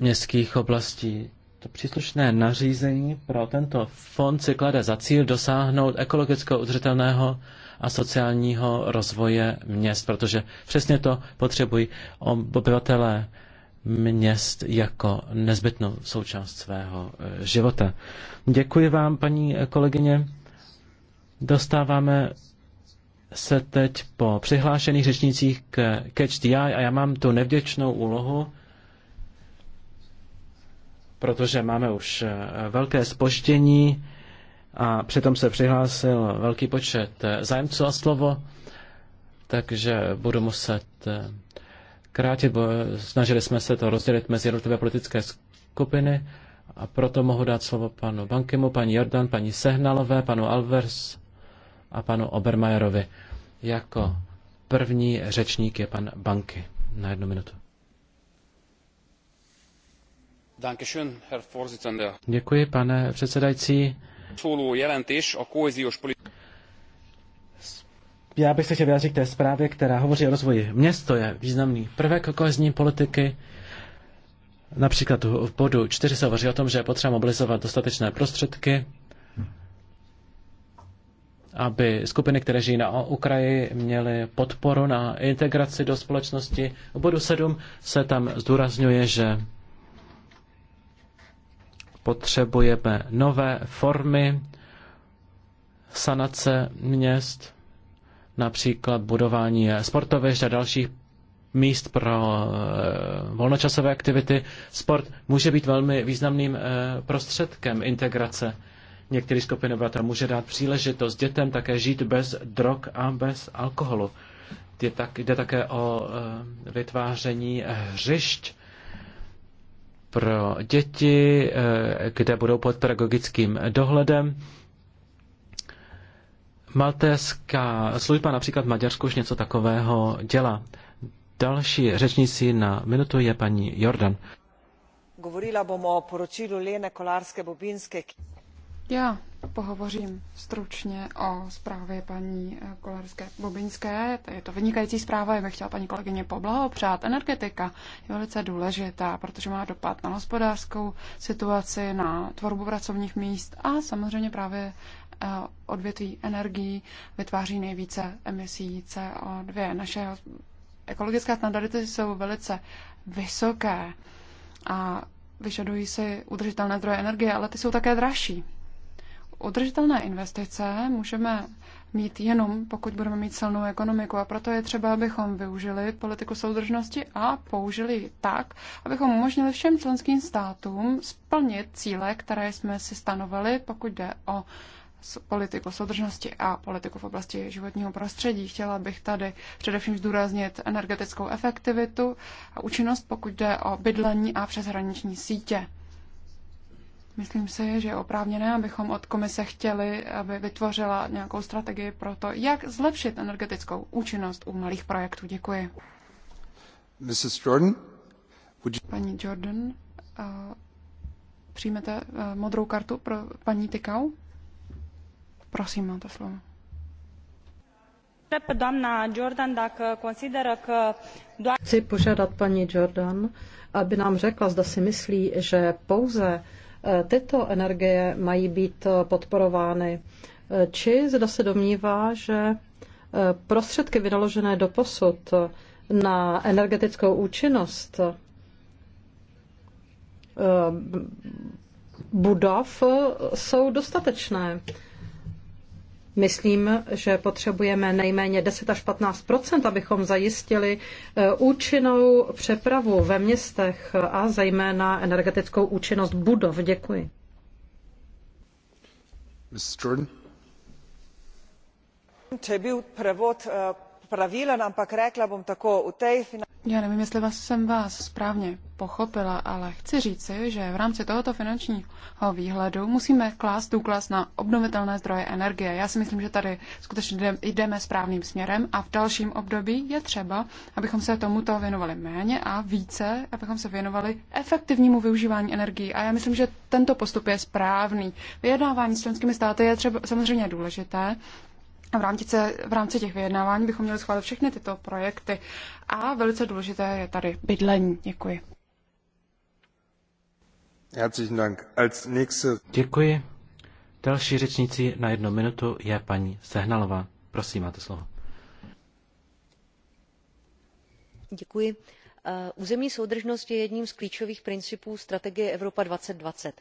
Speaker 6: městských oblastí. To příslušné nařízení pro tento fond si klade za cíl dosáhnout ekologického udržitelného a sociálního rozvoje měst, protože přesně to potřebují obyvatelé měst jako nezbytnou součást svého eh, života. Děkuji vám, paní eh, kolegyně. Dostáváme se teď po přihlášených řečnících k Catch the Eye a já mám tu nevděčnou úlohu, protože máme už eh, velké spoždění a přitom se přihlásil velký počet eh, zájemců a slovo, takže budu muset eh, krátit, bo snažili jsme se to rozdělit mezi jednotlivé politické skupiny a proto mohu dát slovo panu Bankemu, paní Jordan, paní Sehnalové, panu Alvers, a panu Obermajerovi. Jako první řečník je pan Banky. Na jednu minutu. Děkuji, pane předsedající. Já bych se chtěl vyjádřit k té zprávě, která hovoří o rozvoji. Město je významný prvek kohezní politiky. Například v bodu 4 se hovoří o tom, že je potřeba mobilizovat dostatečné prostředky aby skupiny, které žijí na Ukraji, měly podporu na integraci do společnosti. V bodu 7 se tam zdůrazňuje, že potřebujeme nové formy sanace měst, například budování sportovišť a dalších míst pro eh, volnočasové aktivity. Sport může být velmi významným eh, prostředkem integrace některý skupin obyvatel může dát příležitost dětem také žít bez drog a bez alkoholu. Je tak, jde také o eh, vytváření hřišť pro děti, eh, kde budou pod pedagogickým dohledem. Maltéská služba například v Maďarsku už něco takového dělá. Další řečníci na minutu je paní Jordan.
Speaker 1: Govorila bom o poročilu Lene Kolarske Bobinske.
Speaker 7: Já pohovořím stručně o zprávě paní eh, Kolerské Bobinské. Je to vynikající zpráva, jak bych chtěla paní kolegyně poblahopřát. Energetika je velice důležitá, protože má dopad na hospodářskou situaci, na tvorbu pracovních míst a samozřejmě právě eh, odvětví energií vytváří nejvíce emisí CO2. Naše ekologické standardy jsou velice vysoké a vyžadují si udržitelné zdroje energie, ale ty jsou také dražší udržitelné investice můžeme mít jenom, pokud budeme mít silnou ekonomiku. A proto je třeba, abychom využili politiku soudržnosti a použili ji tak, abychom umožnili všem členským státům splnit cíle, které jsme si stanovili, pokud jde o politiku soudržnosti a politiku v oblasti životního prostředí. Chtěla bych tady především zdůraznit energetickou efektivitu a účinnost, pokud jde o bydlení a přeshraniční sítě. Myslím si, že je oprávněné, abychom od komise chtěli, aby vytvořila nějakou strategii pro to, jak zlepšit energetickou účinnost u malých projektů. Děkuji.
Speaker 8: Mrs. Jordan, would you...
Speaker 7: Paní Jordan, uh, přijmete uh, modrou kartu pro paní Tykau? Prosím, máte slovo.
Speaker 4: Chci požádat paní Jordan, aby nám řekla, zda si myslí, že pouze Eh, tyto energie mají být eh, podporovány, eh, či zda se domnívá, že prostředky vynaložené do posud na energetickou účinnost budov jsou dostatečné. Myslím, že potřebujeme nejméně 10 až 15 abychom zajistili eh, účinnou přepravu ve městech a zejména energetickou účinnost budov. Děkuji.
Speaker 8: Mrs. Jordan.
Speaker 1: Tribute, prevod, eh, pravilen, ampak rekla bom tako, v tej
Speaker 7: Já nevím, jestli vás jsem vás správně pochopila, ale chci říci, že v rámci tohoto finančního výhledu musíme klást důkaz na obnovitelné zdroje energie. Já si myslím, že tady skutečně jdeme správným směrem a v dalším období je třeba, abychom se tomuto věnovali méně a více, abychom se věnovali efektivnímu využívání energií. A já myslím, že tento postup je správný. Vyjednávání s členskými státy je třeba samozřejmě důležité, v rámci, v rámci těch vyjednávání bychom měli schválit všechny tyto projekty. A velice důležité je tady bydlení. Děkuji.
Speaker 6: Děkuji. Další řečnicí na jednu minutu je paní Sehnalová. Prosím, máte slovo.
Speaker 9: Děkuji. Eh, územní soudržnost je jedním z klíčových principů strategie Evropa 2020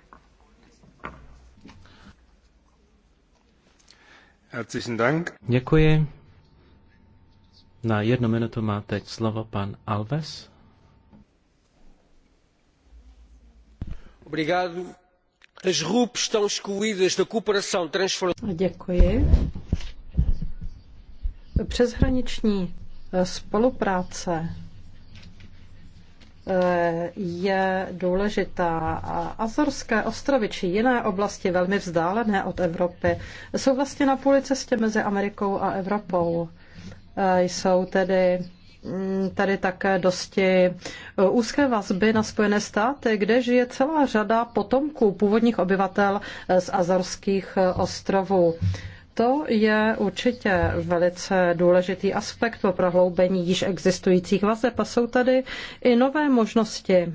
Speaker 6: Děkuji. Na jednu minutu má teď slovo pan Alves.
Speaker 2: Obrigado. As RUP estão excluídas da cooperação
Speaker 4: Děkuji. Přeshraniční eh, spolupráce je důležitá. Azorské ostrovy či jiné oblasti velmi vzdálené od Evropy jsou vlastně na půli cestě mezi Amerikou a Evropou. Jsou tedy mm, tady také dosti uh, úzké vazby na Spojené státy, kde žije celá řada potomků původních obyvatel eh, z Azorských eh, ostrovů. To je určitě velice důležitý aspekt pro prohloubení již existujících vazeb a jsou tady i nové možnosti, eh,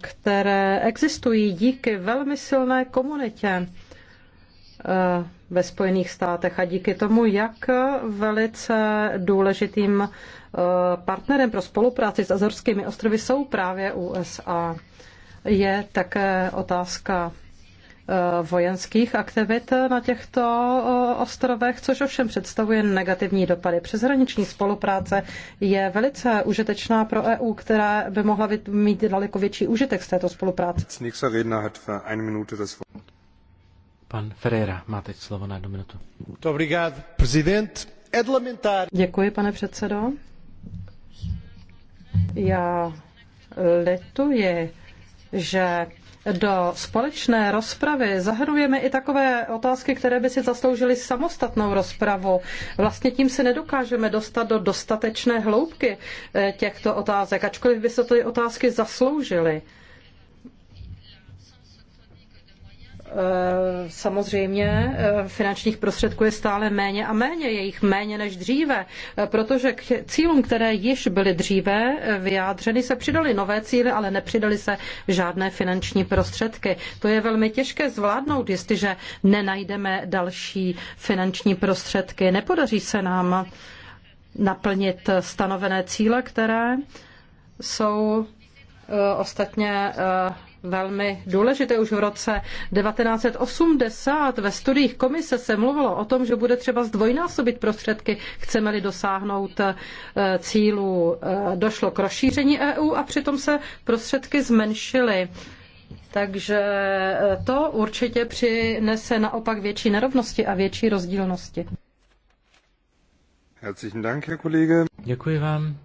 Speaker 4: které existují díky velmi silné komunitě eh, ve Spojených státech a díky tomu, jak velice důležitým eh, partnerem pro spolupráci s Azorskými ostrovy jsou právě USA. Je také otázka vojenských aktivit na těchto ostrovech, což ovšem představuje negativní dopady. Přeshraniční spolupráce je velice užitečná pro EU, která by mohla mít
Speaker 8: daleko větší
Speaker 4: užitek z této spolupráce.
Speaker 6: Pan Ferreira má teď slovo na jednu minutu.
Speaker 4: Děkuji, pane předsedo. Já lituji, že do společné rozpravy zahrnujeme i takové otázky, které by si zasloužily samostatnou rozpravu. Vlastně tím se nedokážeme dostat do dostatečné hloubky eh, těchto otázek, ačkoliv by se ty otázky zasloužily. Eh, samozřejmě eh, finančních prostředků je stále méně a méně, je jich méně než dříve, eh, protože k cílům, které již byly dříve vyjádřeny, se přidaly nové cíle, ale nepřidaly se žádné finanční prostředky. To je velmi těžké zvládnout, jestliže nenajdeme další finanční prostředky. Nepodaří se nám naplnit stanovené cíle, které jsou ostatně velmi důležité. Už v roce 1980 ve studiích komise se mluvilo o tom, že bude třeba zdvojnásobit prostředky, chceme-li dosáhnout eh, cílů. Eh, došlo k rozšíření EU a přitom se prostředky zmenšily. Takže eh, to určitě přinese naopak větší nerovnosti a větší rozdílnosti.
Speaker 6: Herzlichen Dank, Herr Kollege. Děkuji vám.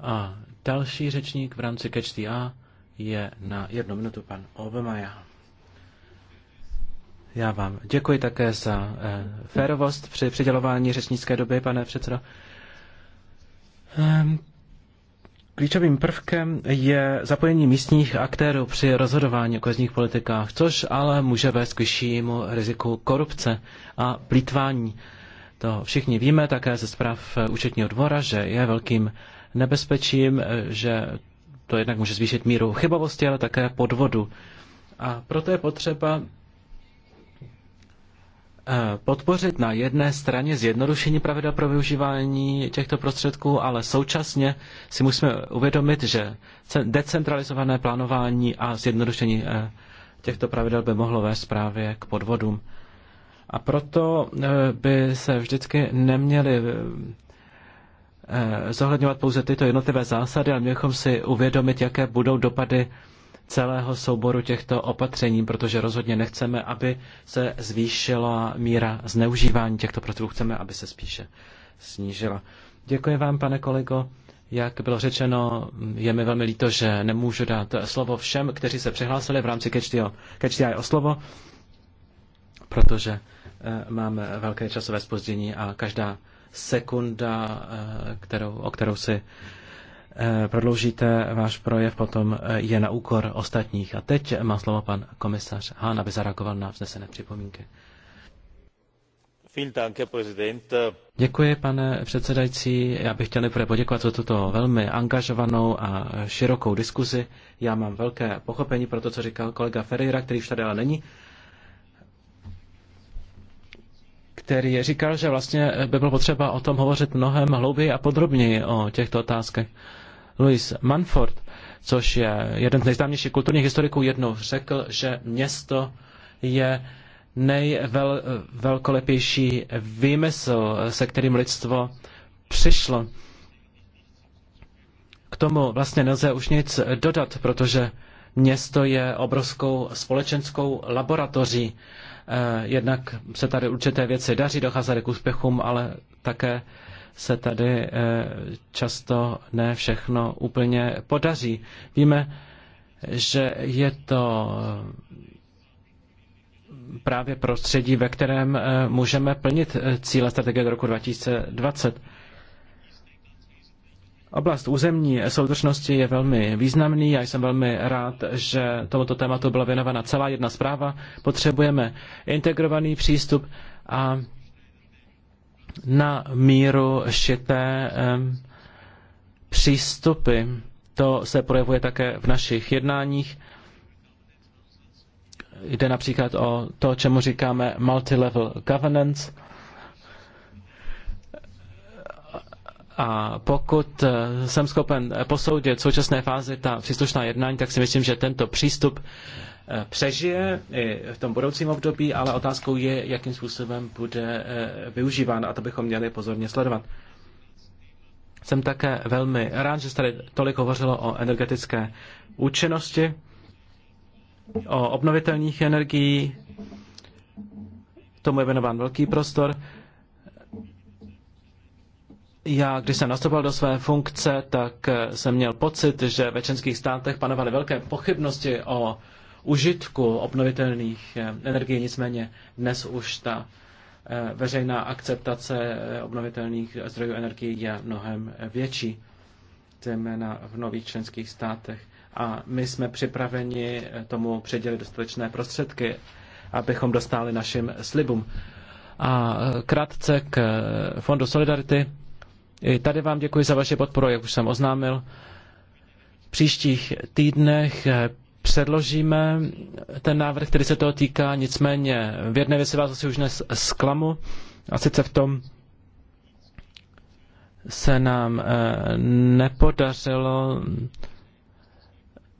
Speaker 6: A další řečník v rámci Catch the A je na jednu minutu pan Obemaja. Já vám děkuji také za eh, férovost při přidělování řečnické doby, pane předsedo. Ehm, klíčovým prvkem je zapojení místních aktérů při rozhodování o kozních politikách, což ale může vést k vyššímu riziku korupce a plítvání. To všichni víme také ze zpráv eh, účetního dvora, že je velkým nebezpečím, eh, že to jednak může zvýšit míru chybovosti, ale také podvodu. A proto je potřeba eh, podpořit na jedné straně zjednodušení pravidel pro využívání těchto prostředků, ale současně si musíme uvědomit, že decentralizované plánování a zjednodušení eh, těchto pravidel by mohlo vést právě k podvodům. A proto eh, by se vždycky neměly Eh, zohledňovat pouze tyto jednotlivé zásady, ale měli bychom si uvědomit, jaké budou dopady celého souboru těchto opatření, protože rozhodně nechceme, aby se zvýšila míra zneužívání těchto prostředků, chceme, aby se spíše snížila. Děkuji vám, pane kolego. Jak bylo řečeno, je mi velmi líto, že nemůžu dát slovo všem, kteří se přihlásili v rámci CatchDI o slovo, protože eh, máme velké časové spoždění a každá sekunda, eh, kterou, o kterou si eh, prodloužíte váš projev, potom eh, je na úkor ostatních. A teď má slovo pan komisař Hán, aby zareagoval na vznesené připomínky. Děkuji, pane předsedající. Já bych chtěl nejprve poděkovat za tuto velmi angažovanou a širokou diskuzi. Já mám velké pochopení pro to, co říkal kolega Ferreira, který už tady ale není. který říkal, že vlastně by bylo potřeba o tom hovořit mnohem hlouběji a podrobněji o těchto otázkách. Louis Manford, což je jeden z nejznámějších kulturních historiků, jednou řekl, že město je nejvelkolepější výmysl, se kterým lidstvo přišlo. K tomu vlastně nelze už nic dodat, protože město je obrovskou společenskou laboratoří Eh, jednak se tady určité věci daří docházet k úspěchům, ale také se tady eh, často ne všechno úplně podaří. Víme, že je to eh, právě prostředí, ve kterém můžeme plnit cíle strategie do roku 2020. Oblast územní soudržnosti je velmi významný a jsem velmi rád, že tomuto tématu byla věnována celá jedna zpráva. Potřebujeme integrovaný přístup a na míru šité přístupy. To se projevuje také v našich jednáních. Jde například o to, čemu říkáme multilevel governance, A pokud eh, jsem schopen posoudit v současné fázi ta příslušná jednání, tak si myslím, že tento přístup eh, přežije i v tom budoucím období, ale otázkou je, jakým způsobem bude eh, využíván a to bychom měli pozorně sledovat. Jsem také velmi rád, že se tady tolik hovořilo o energetické účinnosti, o obnovitelných energií. Tomu je věnován velký prostor. Já, když jsem nastupoval do své funkce, tak eh, jsem měl pocit, že ve členských státech panovaly velké pochybnosti o užitku obnovitelných eh, energií, nicméně dnes už ta eh, veřejná akceptace obnovitelných zdrojů energie je mnohem větší, zejména v nových členských státech. A my jsme připraveni tomu předělit dostatečné prostředky, abychom dostali našim slibům. A krátce k Fondu Solidarity i tady vám děkuji za vaši podporu, jak už jsem oznámil. V příštích týdnech eh, předložíme ten návrh, který se toho týká, nicméně v jedné věci vás asi už dnes zklamu, a sice v tom, se nám eh, nepodařilo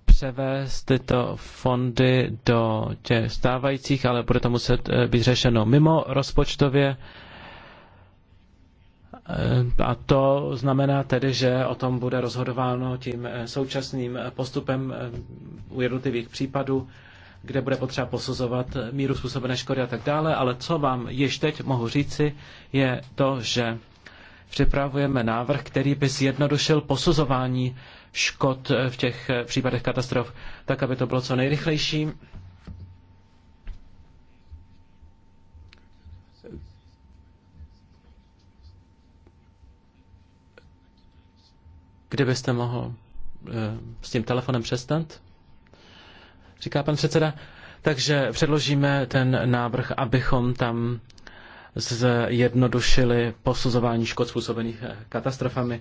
Speaker 6: převést tyto fondy do těch stávajících, ale bude to muset eh, být řešeno mimo rozpočtově. Eh, a to znamená tedy, že o tom bude rozhodováno tím eh, současným eh, postupem u jednotlivých případů, kde bude potřeba posuzovat míru způsobené škody a tak dále. Ale co vám již teď mohu říci, je to, že připravujeme návrh, který by zjednodušil posuzování škod v těch případech katastrof, tak aby to bylo co nejrychlejší Kdybyste mohl eh, s tím telefonem přestat? Říká pan předseda. Takže předložíme ten návrh, abychom tam zjednodušili posuzování škod způsobených eh, katastrofami.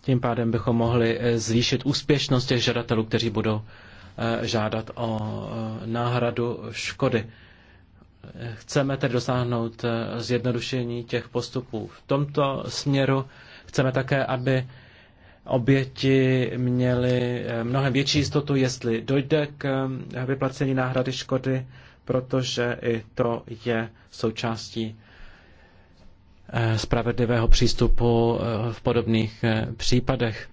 Speaker 6: Tím pádem bychom mohli eh, zvýšit úspěšnost těch žadatelů, kteří budou žádat o náhradu škody. Chceme tedy dosáhnout eh, zjednodušení těch postupů v tomto směru. Chceme také, aby oběti měly eh, mnohem větší jistotu, jestli dojde k eh, vyplacení náhrady škody, protože i to je součástí spravedlivého přístupu v podobných případech.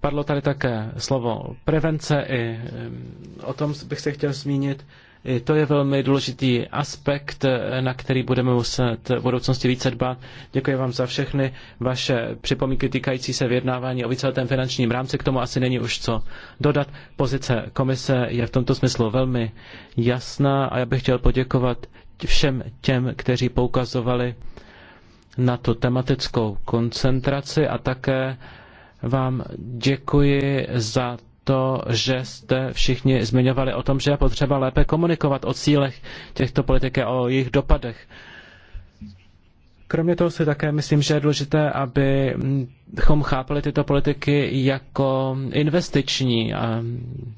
Speaker 6: Padlo tady také slovo prevence, i o tom bych se chtěl zmínit. I to je velmi důležitý aspekt, e, na který budeme muset v budoucnosti více dbát. Děkuji vám za všechny vaše připomínky týkající se vyjednávání o víceletém finančním rámci. K tomu asi není už co dodat. Pozice komise je v tomto smyslu velmi jasná a já bych chtěl poděkovat všem těm, kteří poukazovali na tu tematickou koncentraci a také vám děkuji za to, že jste všichni zmiňovali o tom, že je potřeba lépe komunikovat o cílech těchto politik a o jejich dopadech. Kromě toho si také myslím, že je důležité, abychom chápali tyto politiky jako investiční, a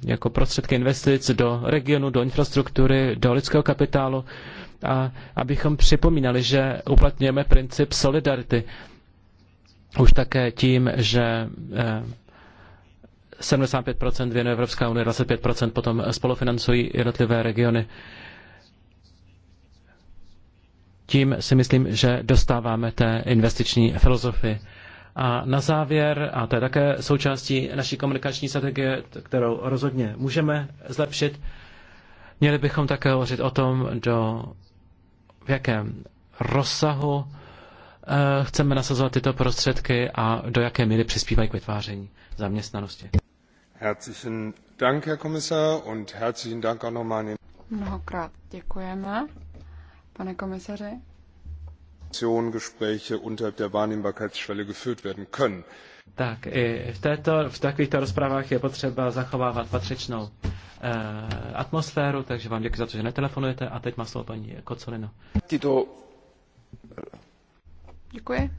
Speaker 6: jako prostředky investic do regionu, do infrastruktury, do lidského kapitálu a abychom připomínali, že uplatňujeme princip solidarity už také tím, že 75% věnuje Evropská unie, 25% potom spolufinancují jednotlivé regiony. Tím si myslím, že dostáváme té investiční filozofii. A na závěr, a to je také součástí naší komunikační strategie, kterou rozhodně můžeme zlepšit, měli bychom také hovořit o tom, do, v jakém rozsahu Eh, chceme nasazovat tyto prostředky a do jaké míry přispívají k vytváření zaměstnanosti.
Speaker 8: Herzlichen Dank, Herr Kommissar, und herzlichen Dank auch nochmal an den
Speaker 7: Mnohokrát děkujeme, pane komisaři.
Speaker 8: Gespräche unterhalb der Wahrnehmbarkeitsschwelle geführt werden können.
Speaker 6: Tak i v, této, v takovýchto rozprávách je potřeba zachovávat patřičnou eh, atmosféru, takže vám děkuji za to, že netelefonujete a teď má slovo paní Kocolino.
Speaker 7: Tito Děkuji.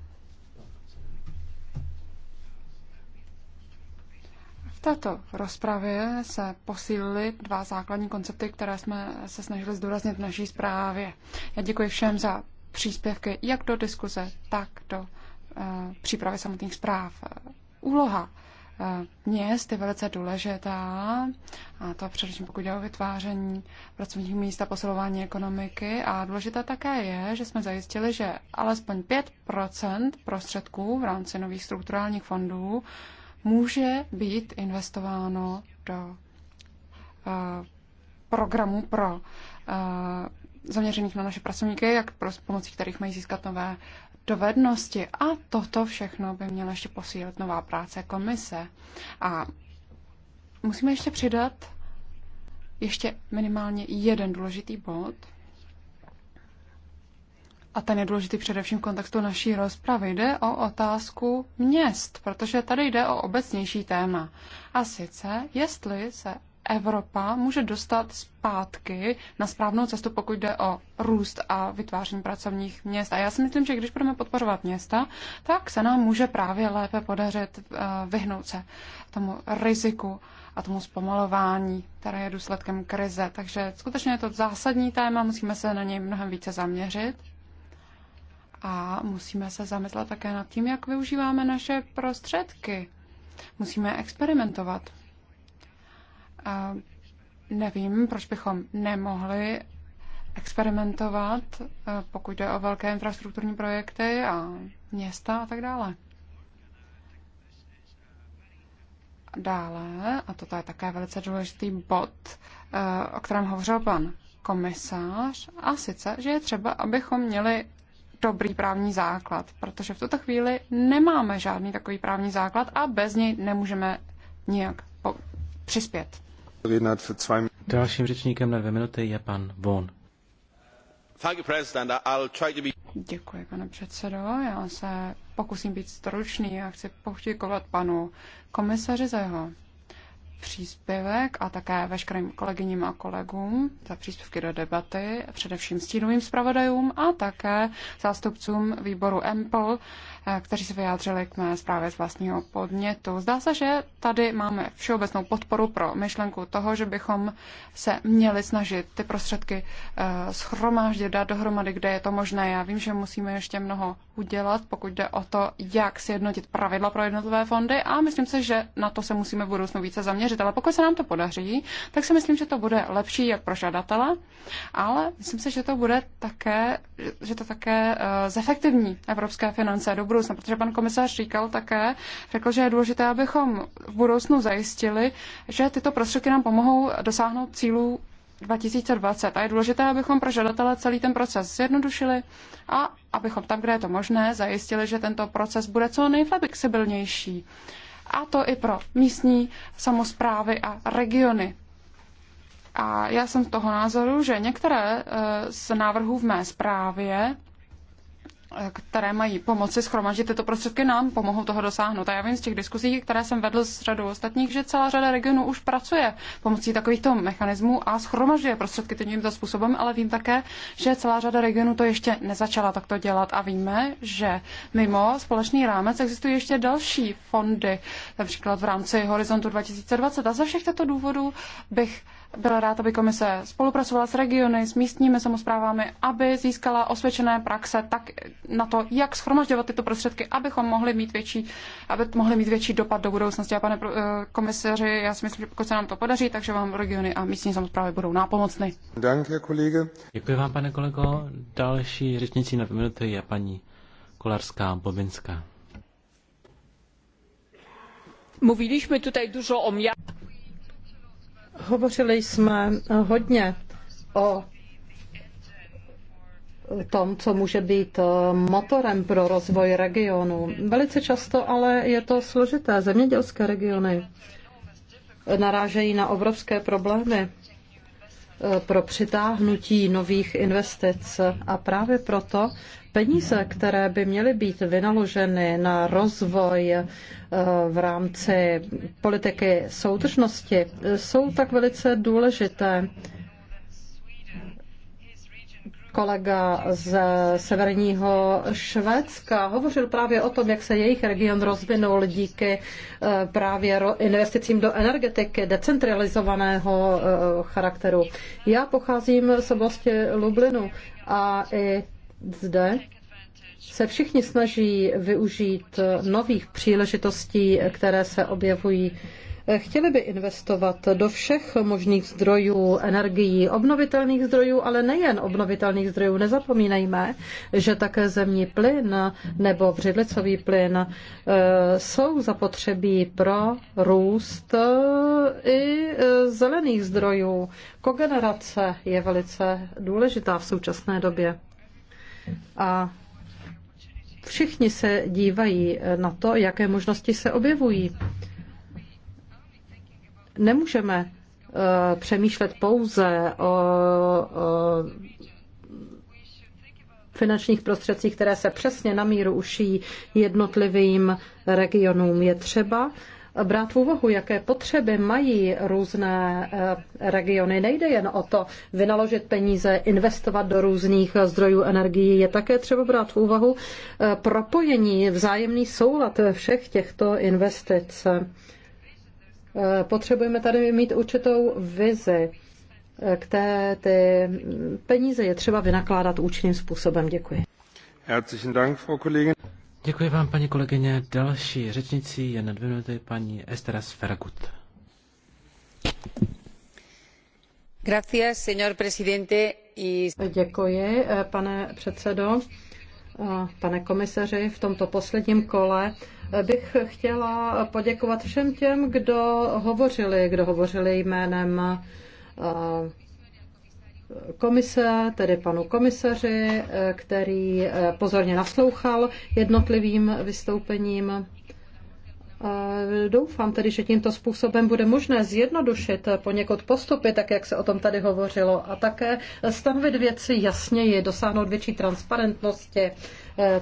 Speaker 7: V této rozpravě se posílily dva základní koncepty, které jsme se snažili zdůraznit v naší zprávě. Já děkuji všem za příspěvky jak do diskuze, tak do uh, přípravy samotných zpráv. Úloha Eh, měst je velice důležitá, a to především pokud jde o vytváření pracovních míst a posilování ekonomiky. A důležité také je, že jsme zajistili, že alespoň 5 prostředků v rámci nových strukturálních fondů může být investováno do uh, eh, programů pro uh, zaměřených na naše pracovníky, jak pomocí kterých mají získat nové dovednosti. A toto všechno by měla ještě posílit nová práce komise. A musíme ještě přidat ještě minimálně jeden důležitý bod. A ten je důležitý především v kontextu naší rozpravy. Jde o otázku měst, protože tady jde o obecnější téma. A sice, jestli se Evropa může dostat zpátky na správnou cestu, pokud jde o růst a vytváření pracovních měst. A já si myslím, že když budeme podporovat města, tak se nám může právě lépe podařit eh, vyhnout se tomu riziku a tomu zpomalování, které je důsledkem krize. Takže skutečně je to zásadní téma, musíme se na něj mnohem více zaměřit. A musíme se zamyslet také nad tím, jak využíváme naše prostředky. Musíme experimentovat. Nevím, proč bychom nemohli experimentovat, eh, pokud jde o velké infrastrukturní projekty a města a tak dále. Dále, a toto je také velice důležitý bod, eh, o kterém hovořil pan komisář, a sice, že je třeba, abychom měli dobrý právní základ, protože v tuto chvíli nemáme žádný takový právní základ a bez něj nemůžeme nijak přispět.
Speaker 6: Dalším řečníkem na dvě minuty je pan Von.
Speaker 7: Děkuji, pane předsedo. Já se pokusím být stručný a chci poděkovat panu komisaři za jeho příspěvek a také veškerým kolegyním a kolegům za příspěvky do debaty, především stínovým zpravodajům a také zástupcům výboru EMPL, Eh, kteří se vyjádřili k mé zprávě z vlastního podnětu. Zdá se, že tady máme všeobecnou podporu pro myšlenku toho, že bychom se měli snažit ty prostředky eh, schromáždit, dát dohromady, kde je to možné. Já vím, že musíme ještě mnoho udělat, pokud jde o to, jak sjednotit pravidla pro jednotlivé fondy a myslím si, že na to se musíme v budoucnu více zaměřit. Ale pokud se nám to podaří, tak si myslím, že to bude lepší jak pro žadatele, ale myslím si, že to bude také, že to také eh, zefektivní evropské finance do budoucna, protože pan komisař říkal také, řekl, že je důležité, abychom v budoucnu zajistili, že tyto prostředky nám pomohou dosáhnout cílů 2020 a je důležité, abychom pro žadatele celý ten proces zjednodušili a abychom tam, kde je to možné, zajistili, že tento proces bude co nejflexibilnější. A to i pro místní samozprávy a regiony. A já jsem toho názoru, že některé eh, z návrhů v mé zprávě které mají pomoci schromaždit tyto prostředky, nám pomohou toho dosáhnout. A já vím z těch diskuzí, které jsem vedl s řadou ostatních, že celá řada regionů už pracuje pomocí takovýchto mechanismů a schromažďuje prostředky tímto způsobem, ale vím také, že celá řada regionů to ještě nezačala takto dělat. A víme, že mimo společný rámec existují ještě další fondy, například v rámci Horizontu 2020. A ze všech těchto důvodů bych byl rád, aby komise spolupracovala s regiony, s místními samozprávami, aby získala osvědčené praxe tak na to, jak schromažďovat tyto prostředky, abychom mohli mít větší, aby mohli mít větší dopad do budoucnosti. A pane eh, komisaři, já si myslím, že pokud se nám to podaří, takže vám regiony a místní samozprávy budou nápomocny.
Speaker 6: Děkuji vám, pane kolego. Další řečnicí na minuty je paní Kolarská Bobinská.
Speaker 2: Mówiliśmy tutaj dużo o Hovořili
Speaker 4: jsme hodně o tom, co může být motorem pro rozvoj regionu. Velice často ale je to složité. Zemědělské regiony narážejí na obrovské problémy pro přitáhnutí nových investic a právě proto peníze, které by měly být vynaloženy na rozvoj eh, v rámci politiky soudržnosti, jsou tak velice důležité. Kolega z severního Švédska hovořil právě o tom, jak se jejich region rozvinul díky eh, právě investicím do energetiky, decentralizovaného eh, charakteru. Já pocházím z oblasti Lublinu a i zde se všichni snaží využít nových příležitostí, které se objevují. Chtěli by investovat do všech možných zdrojů energií, obnovitelných zdrojů, ale nejen obnovitelných zdrojů. Nezapomínejme, že také zemní plyn nebo vřidlicový plyn eh, jsou zapotřebí pro růst eh, i eh, zelených zdrojů. Kogenerace je velice důležitá v současné době. A všichni se dívají na to, jaké možnosti se objevují. Nemůžeme eh, přemýšlet pouze o, o finančních prostředcích, které se přesně na míru uší jednotlivým regionům. Je třeba brát v úvahu, jaké potřeby mají různé eh, regiony. Nejde jen o to vynaložit peníze, investovat do různých zdrojů energií. Je také třeba brát v úvahu eh, propojení, vzájemný soulad všech těchto investic. Eh, potřebujeme tady mít určitou vizi, které ty peníze je třeba vynakládat účinným způsobem. Děkuji.
Speaker 8: Herzlichen Dank, Frau Kollegin.
Speaker 6: Děkuji vám, paní kolegyně. Další řečnicí je na dvě minuty paní Estera Sferagut.
Speaker 4: Gracias, señor presidente. Děkuji, eh, pane předsedo. Eh, pane komisaři, v tomto posledním kole eh, bych chtěla poděkovat všem těm, kdo hovořili, kdo hovořili jménem komise, tedy panu komisaři, který eh, pozorně naslouchal jednotlivým vystoupením. Eh, doufám tedy, že tímto způsobem bude možné zjednodušit eh, poněkud postupy, tak jak se o tom tady hovořilo, a také stanovit věci jasněji, dosáhnout větší transparentnosti,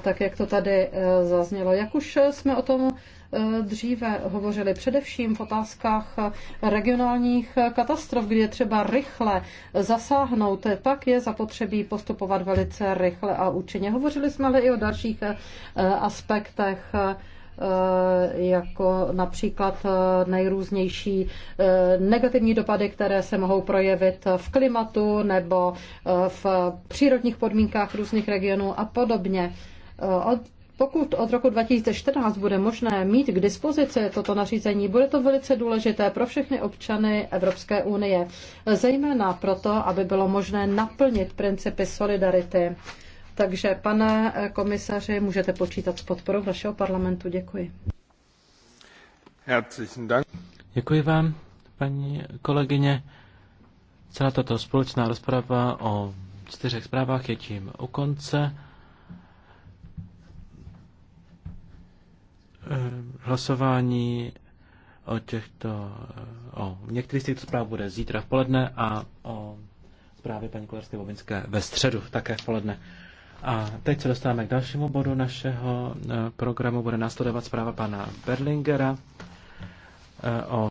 Speaker 4: tak jak to tady zaznělo. Jak už jsme o tom Eh, dříve hovořili, především v otázkách eh, regionálních eh, katastrof, kdy je třeba rychle zasáhnout, tak je zapotřebí postupovat velice rychle a účinně. Hovořili jsme ale i o dalších aspektech jako například nejrůznější negativní dopady, které se mohou projevit v klimatu nebo v přírodních podmínkách různých regionů a podobně. Pokud od roku 2014 bude možné mít k dispozici toto nařízení, bude to velice důležité pro všechny občany Evropské unie, zejména proto, aby bylo možné naplnit principy solidarity. Takže, pane komisaři, můžete počítat s podporou vašeho parlamentu. Děkuji.
Speaker 6: Děkuji vám, paní kolegyně. Celá tato společná rozprava o čtyřech zprávách je tím u konce. Eh, hlasování o těchto, eh, o některých z těchto zpráv bude zítra v poledne a o zprávě paní Kolarské Bobinské ve středu také v poledne. A teď se dostáváme k dalšímu bodu našeho eh, programu. Bude následovat zpráva pana Berlingera o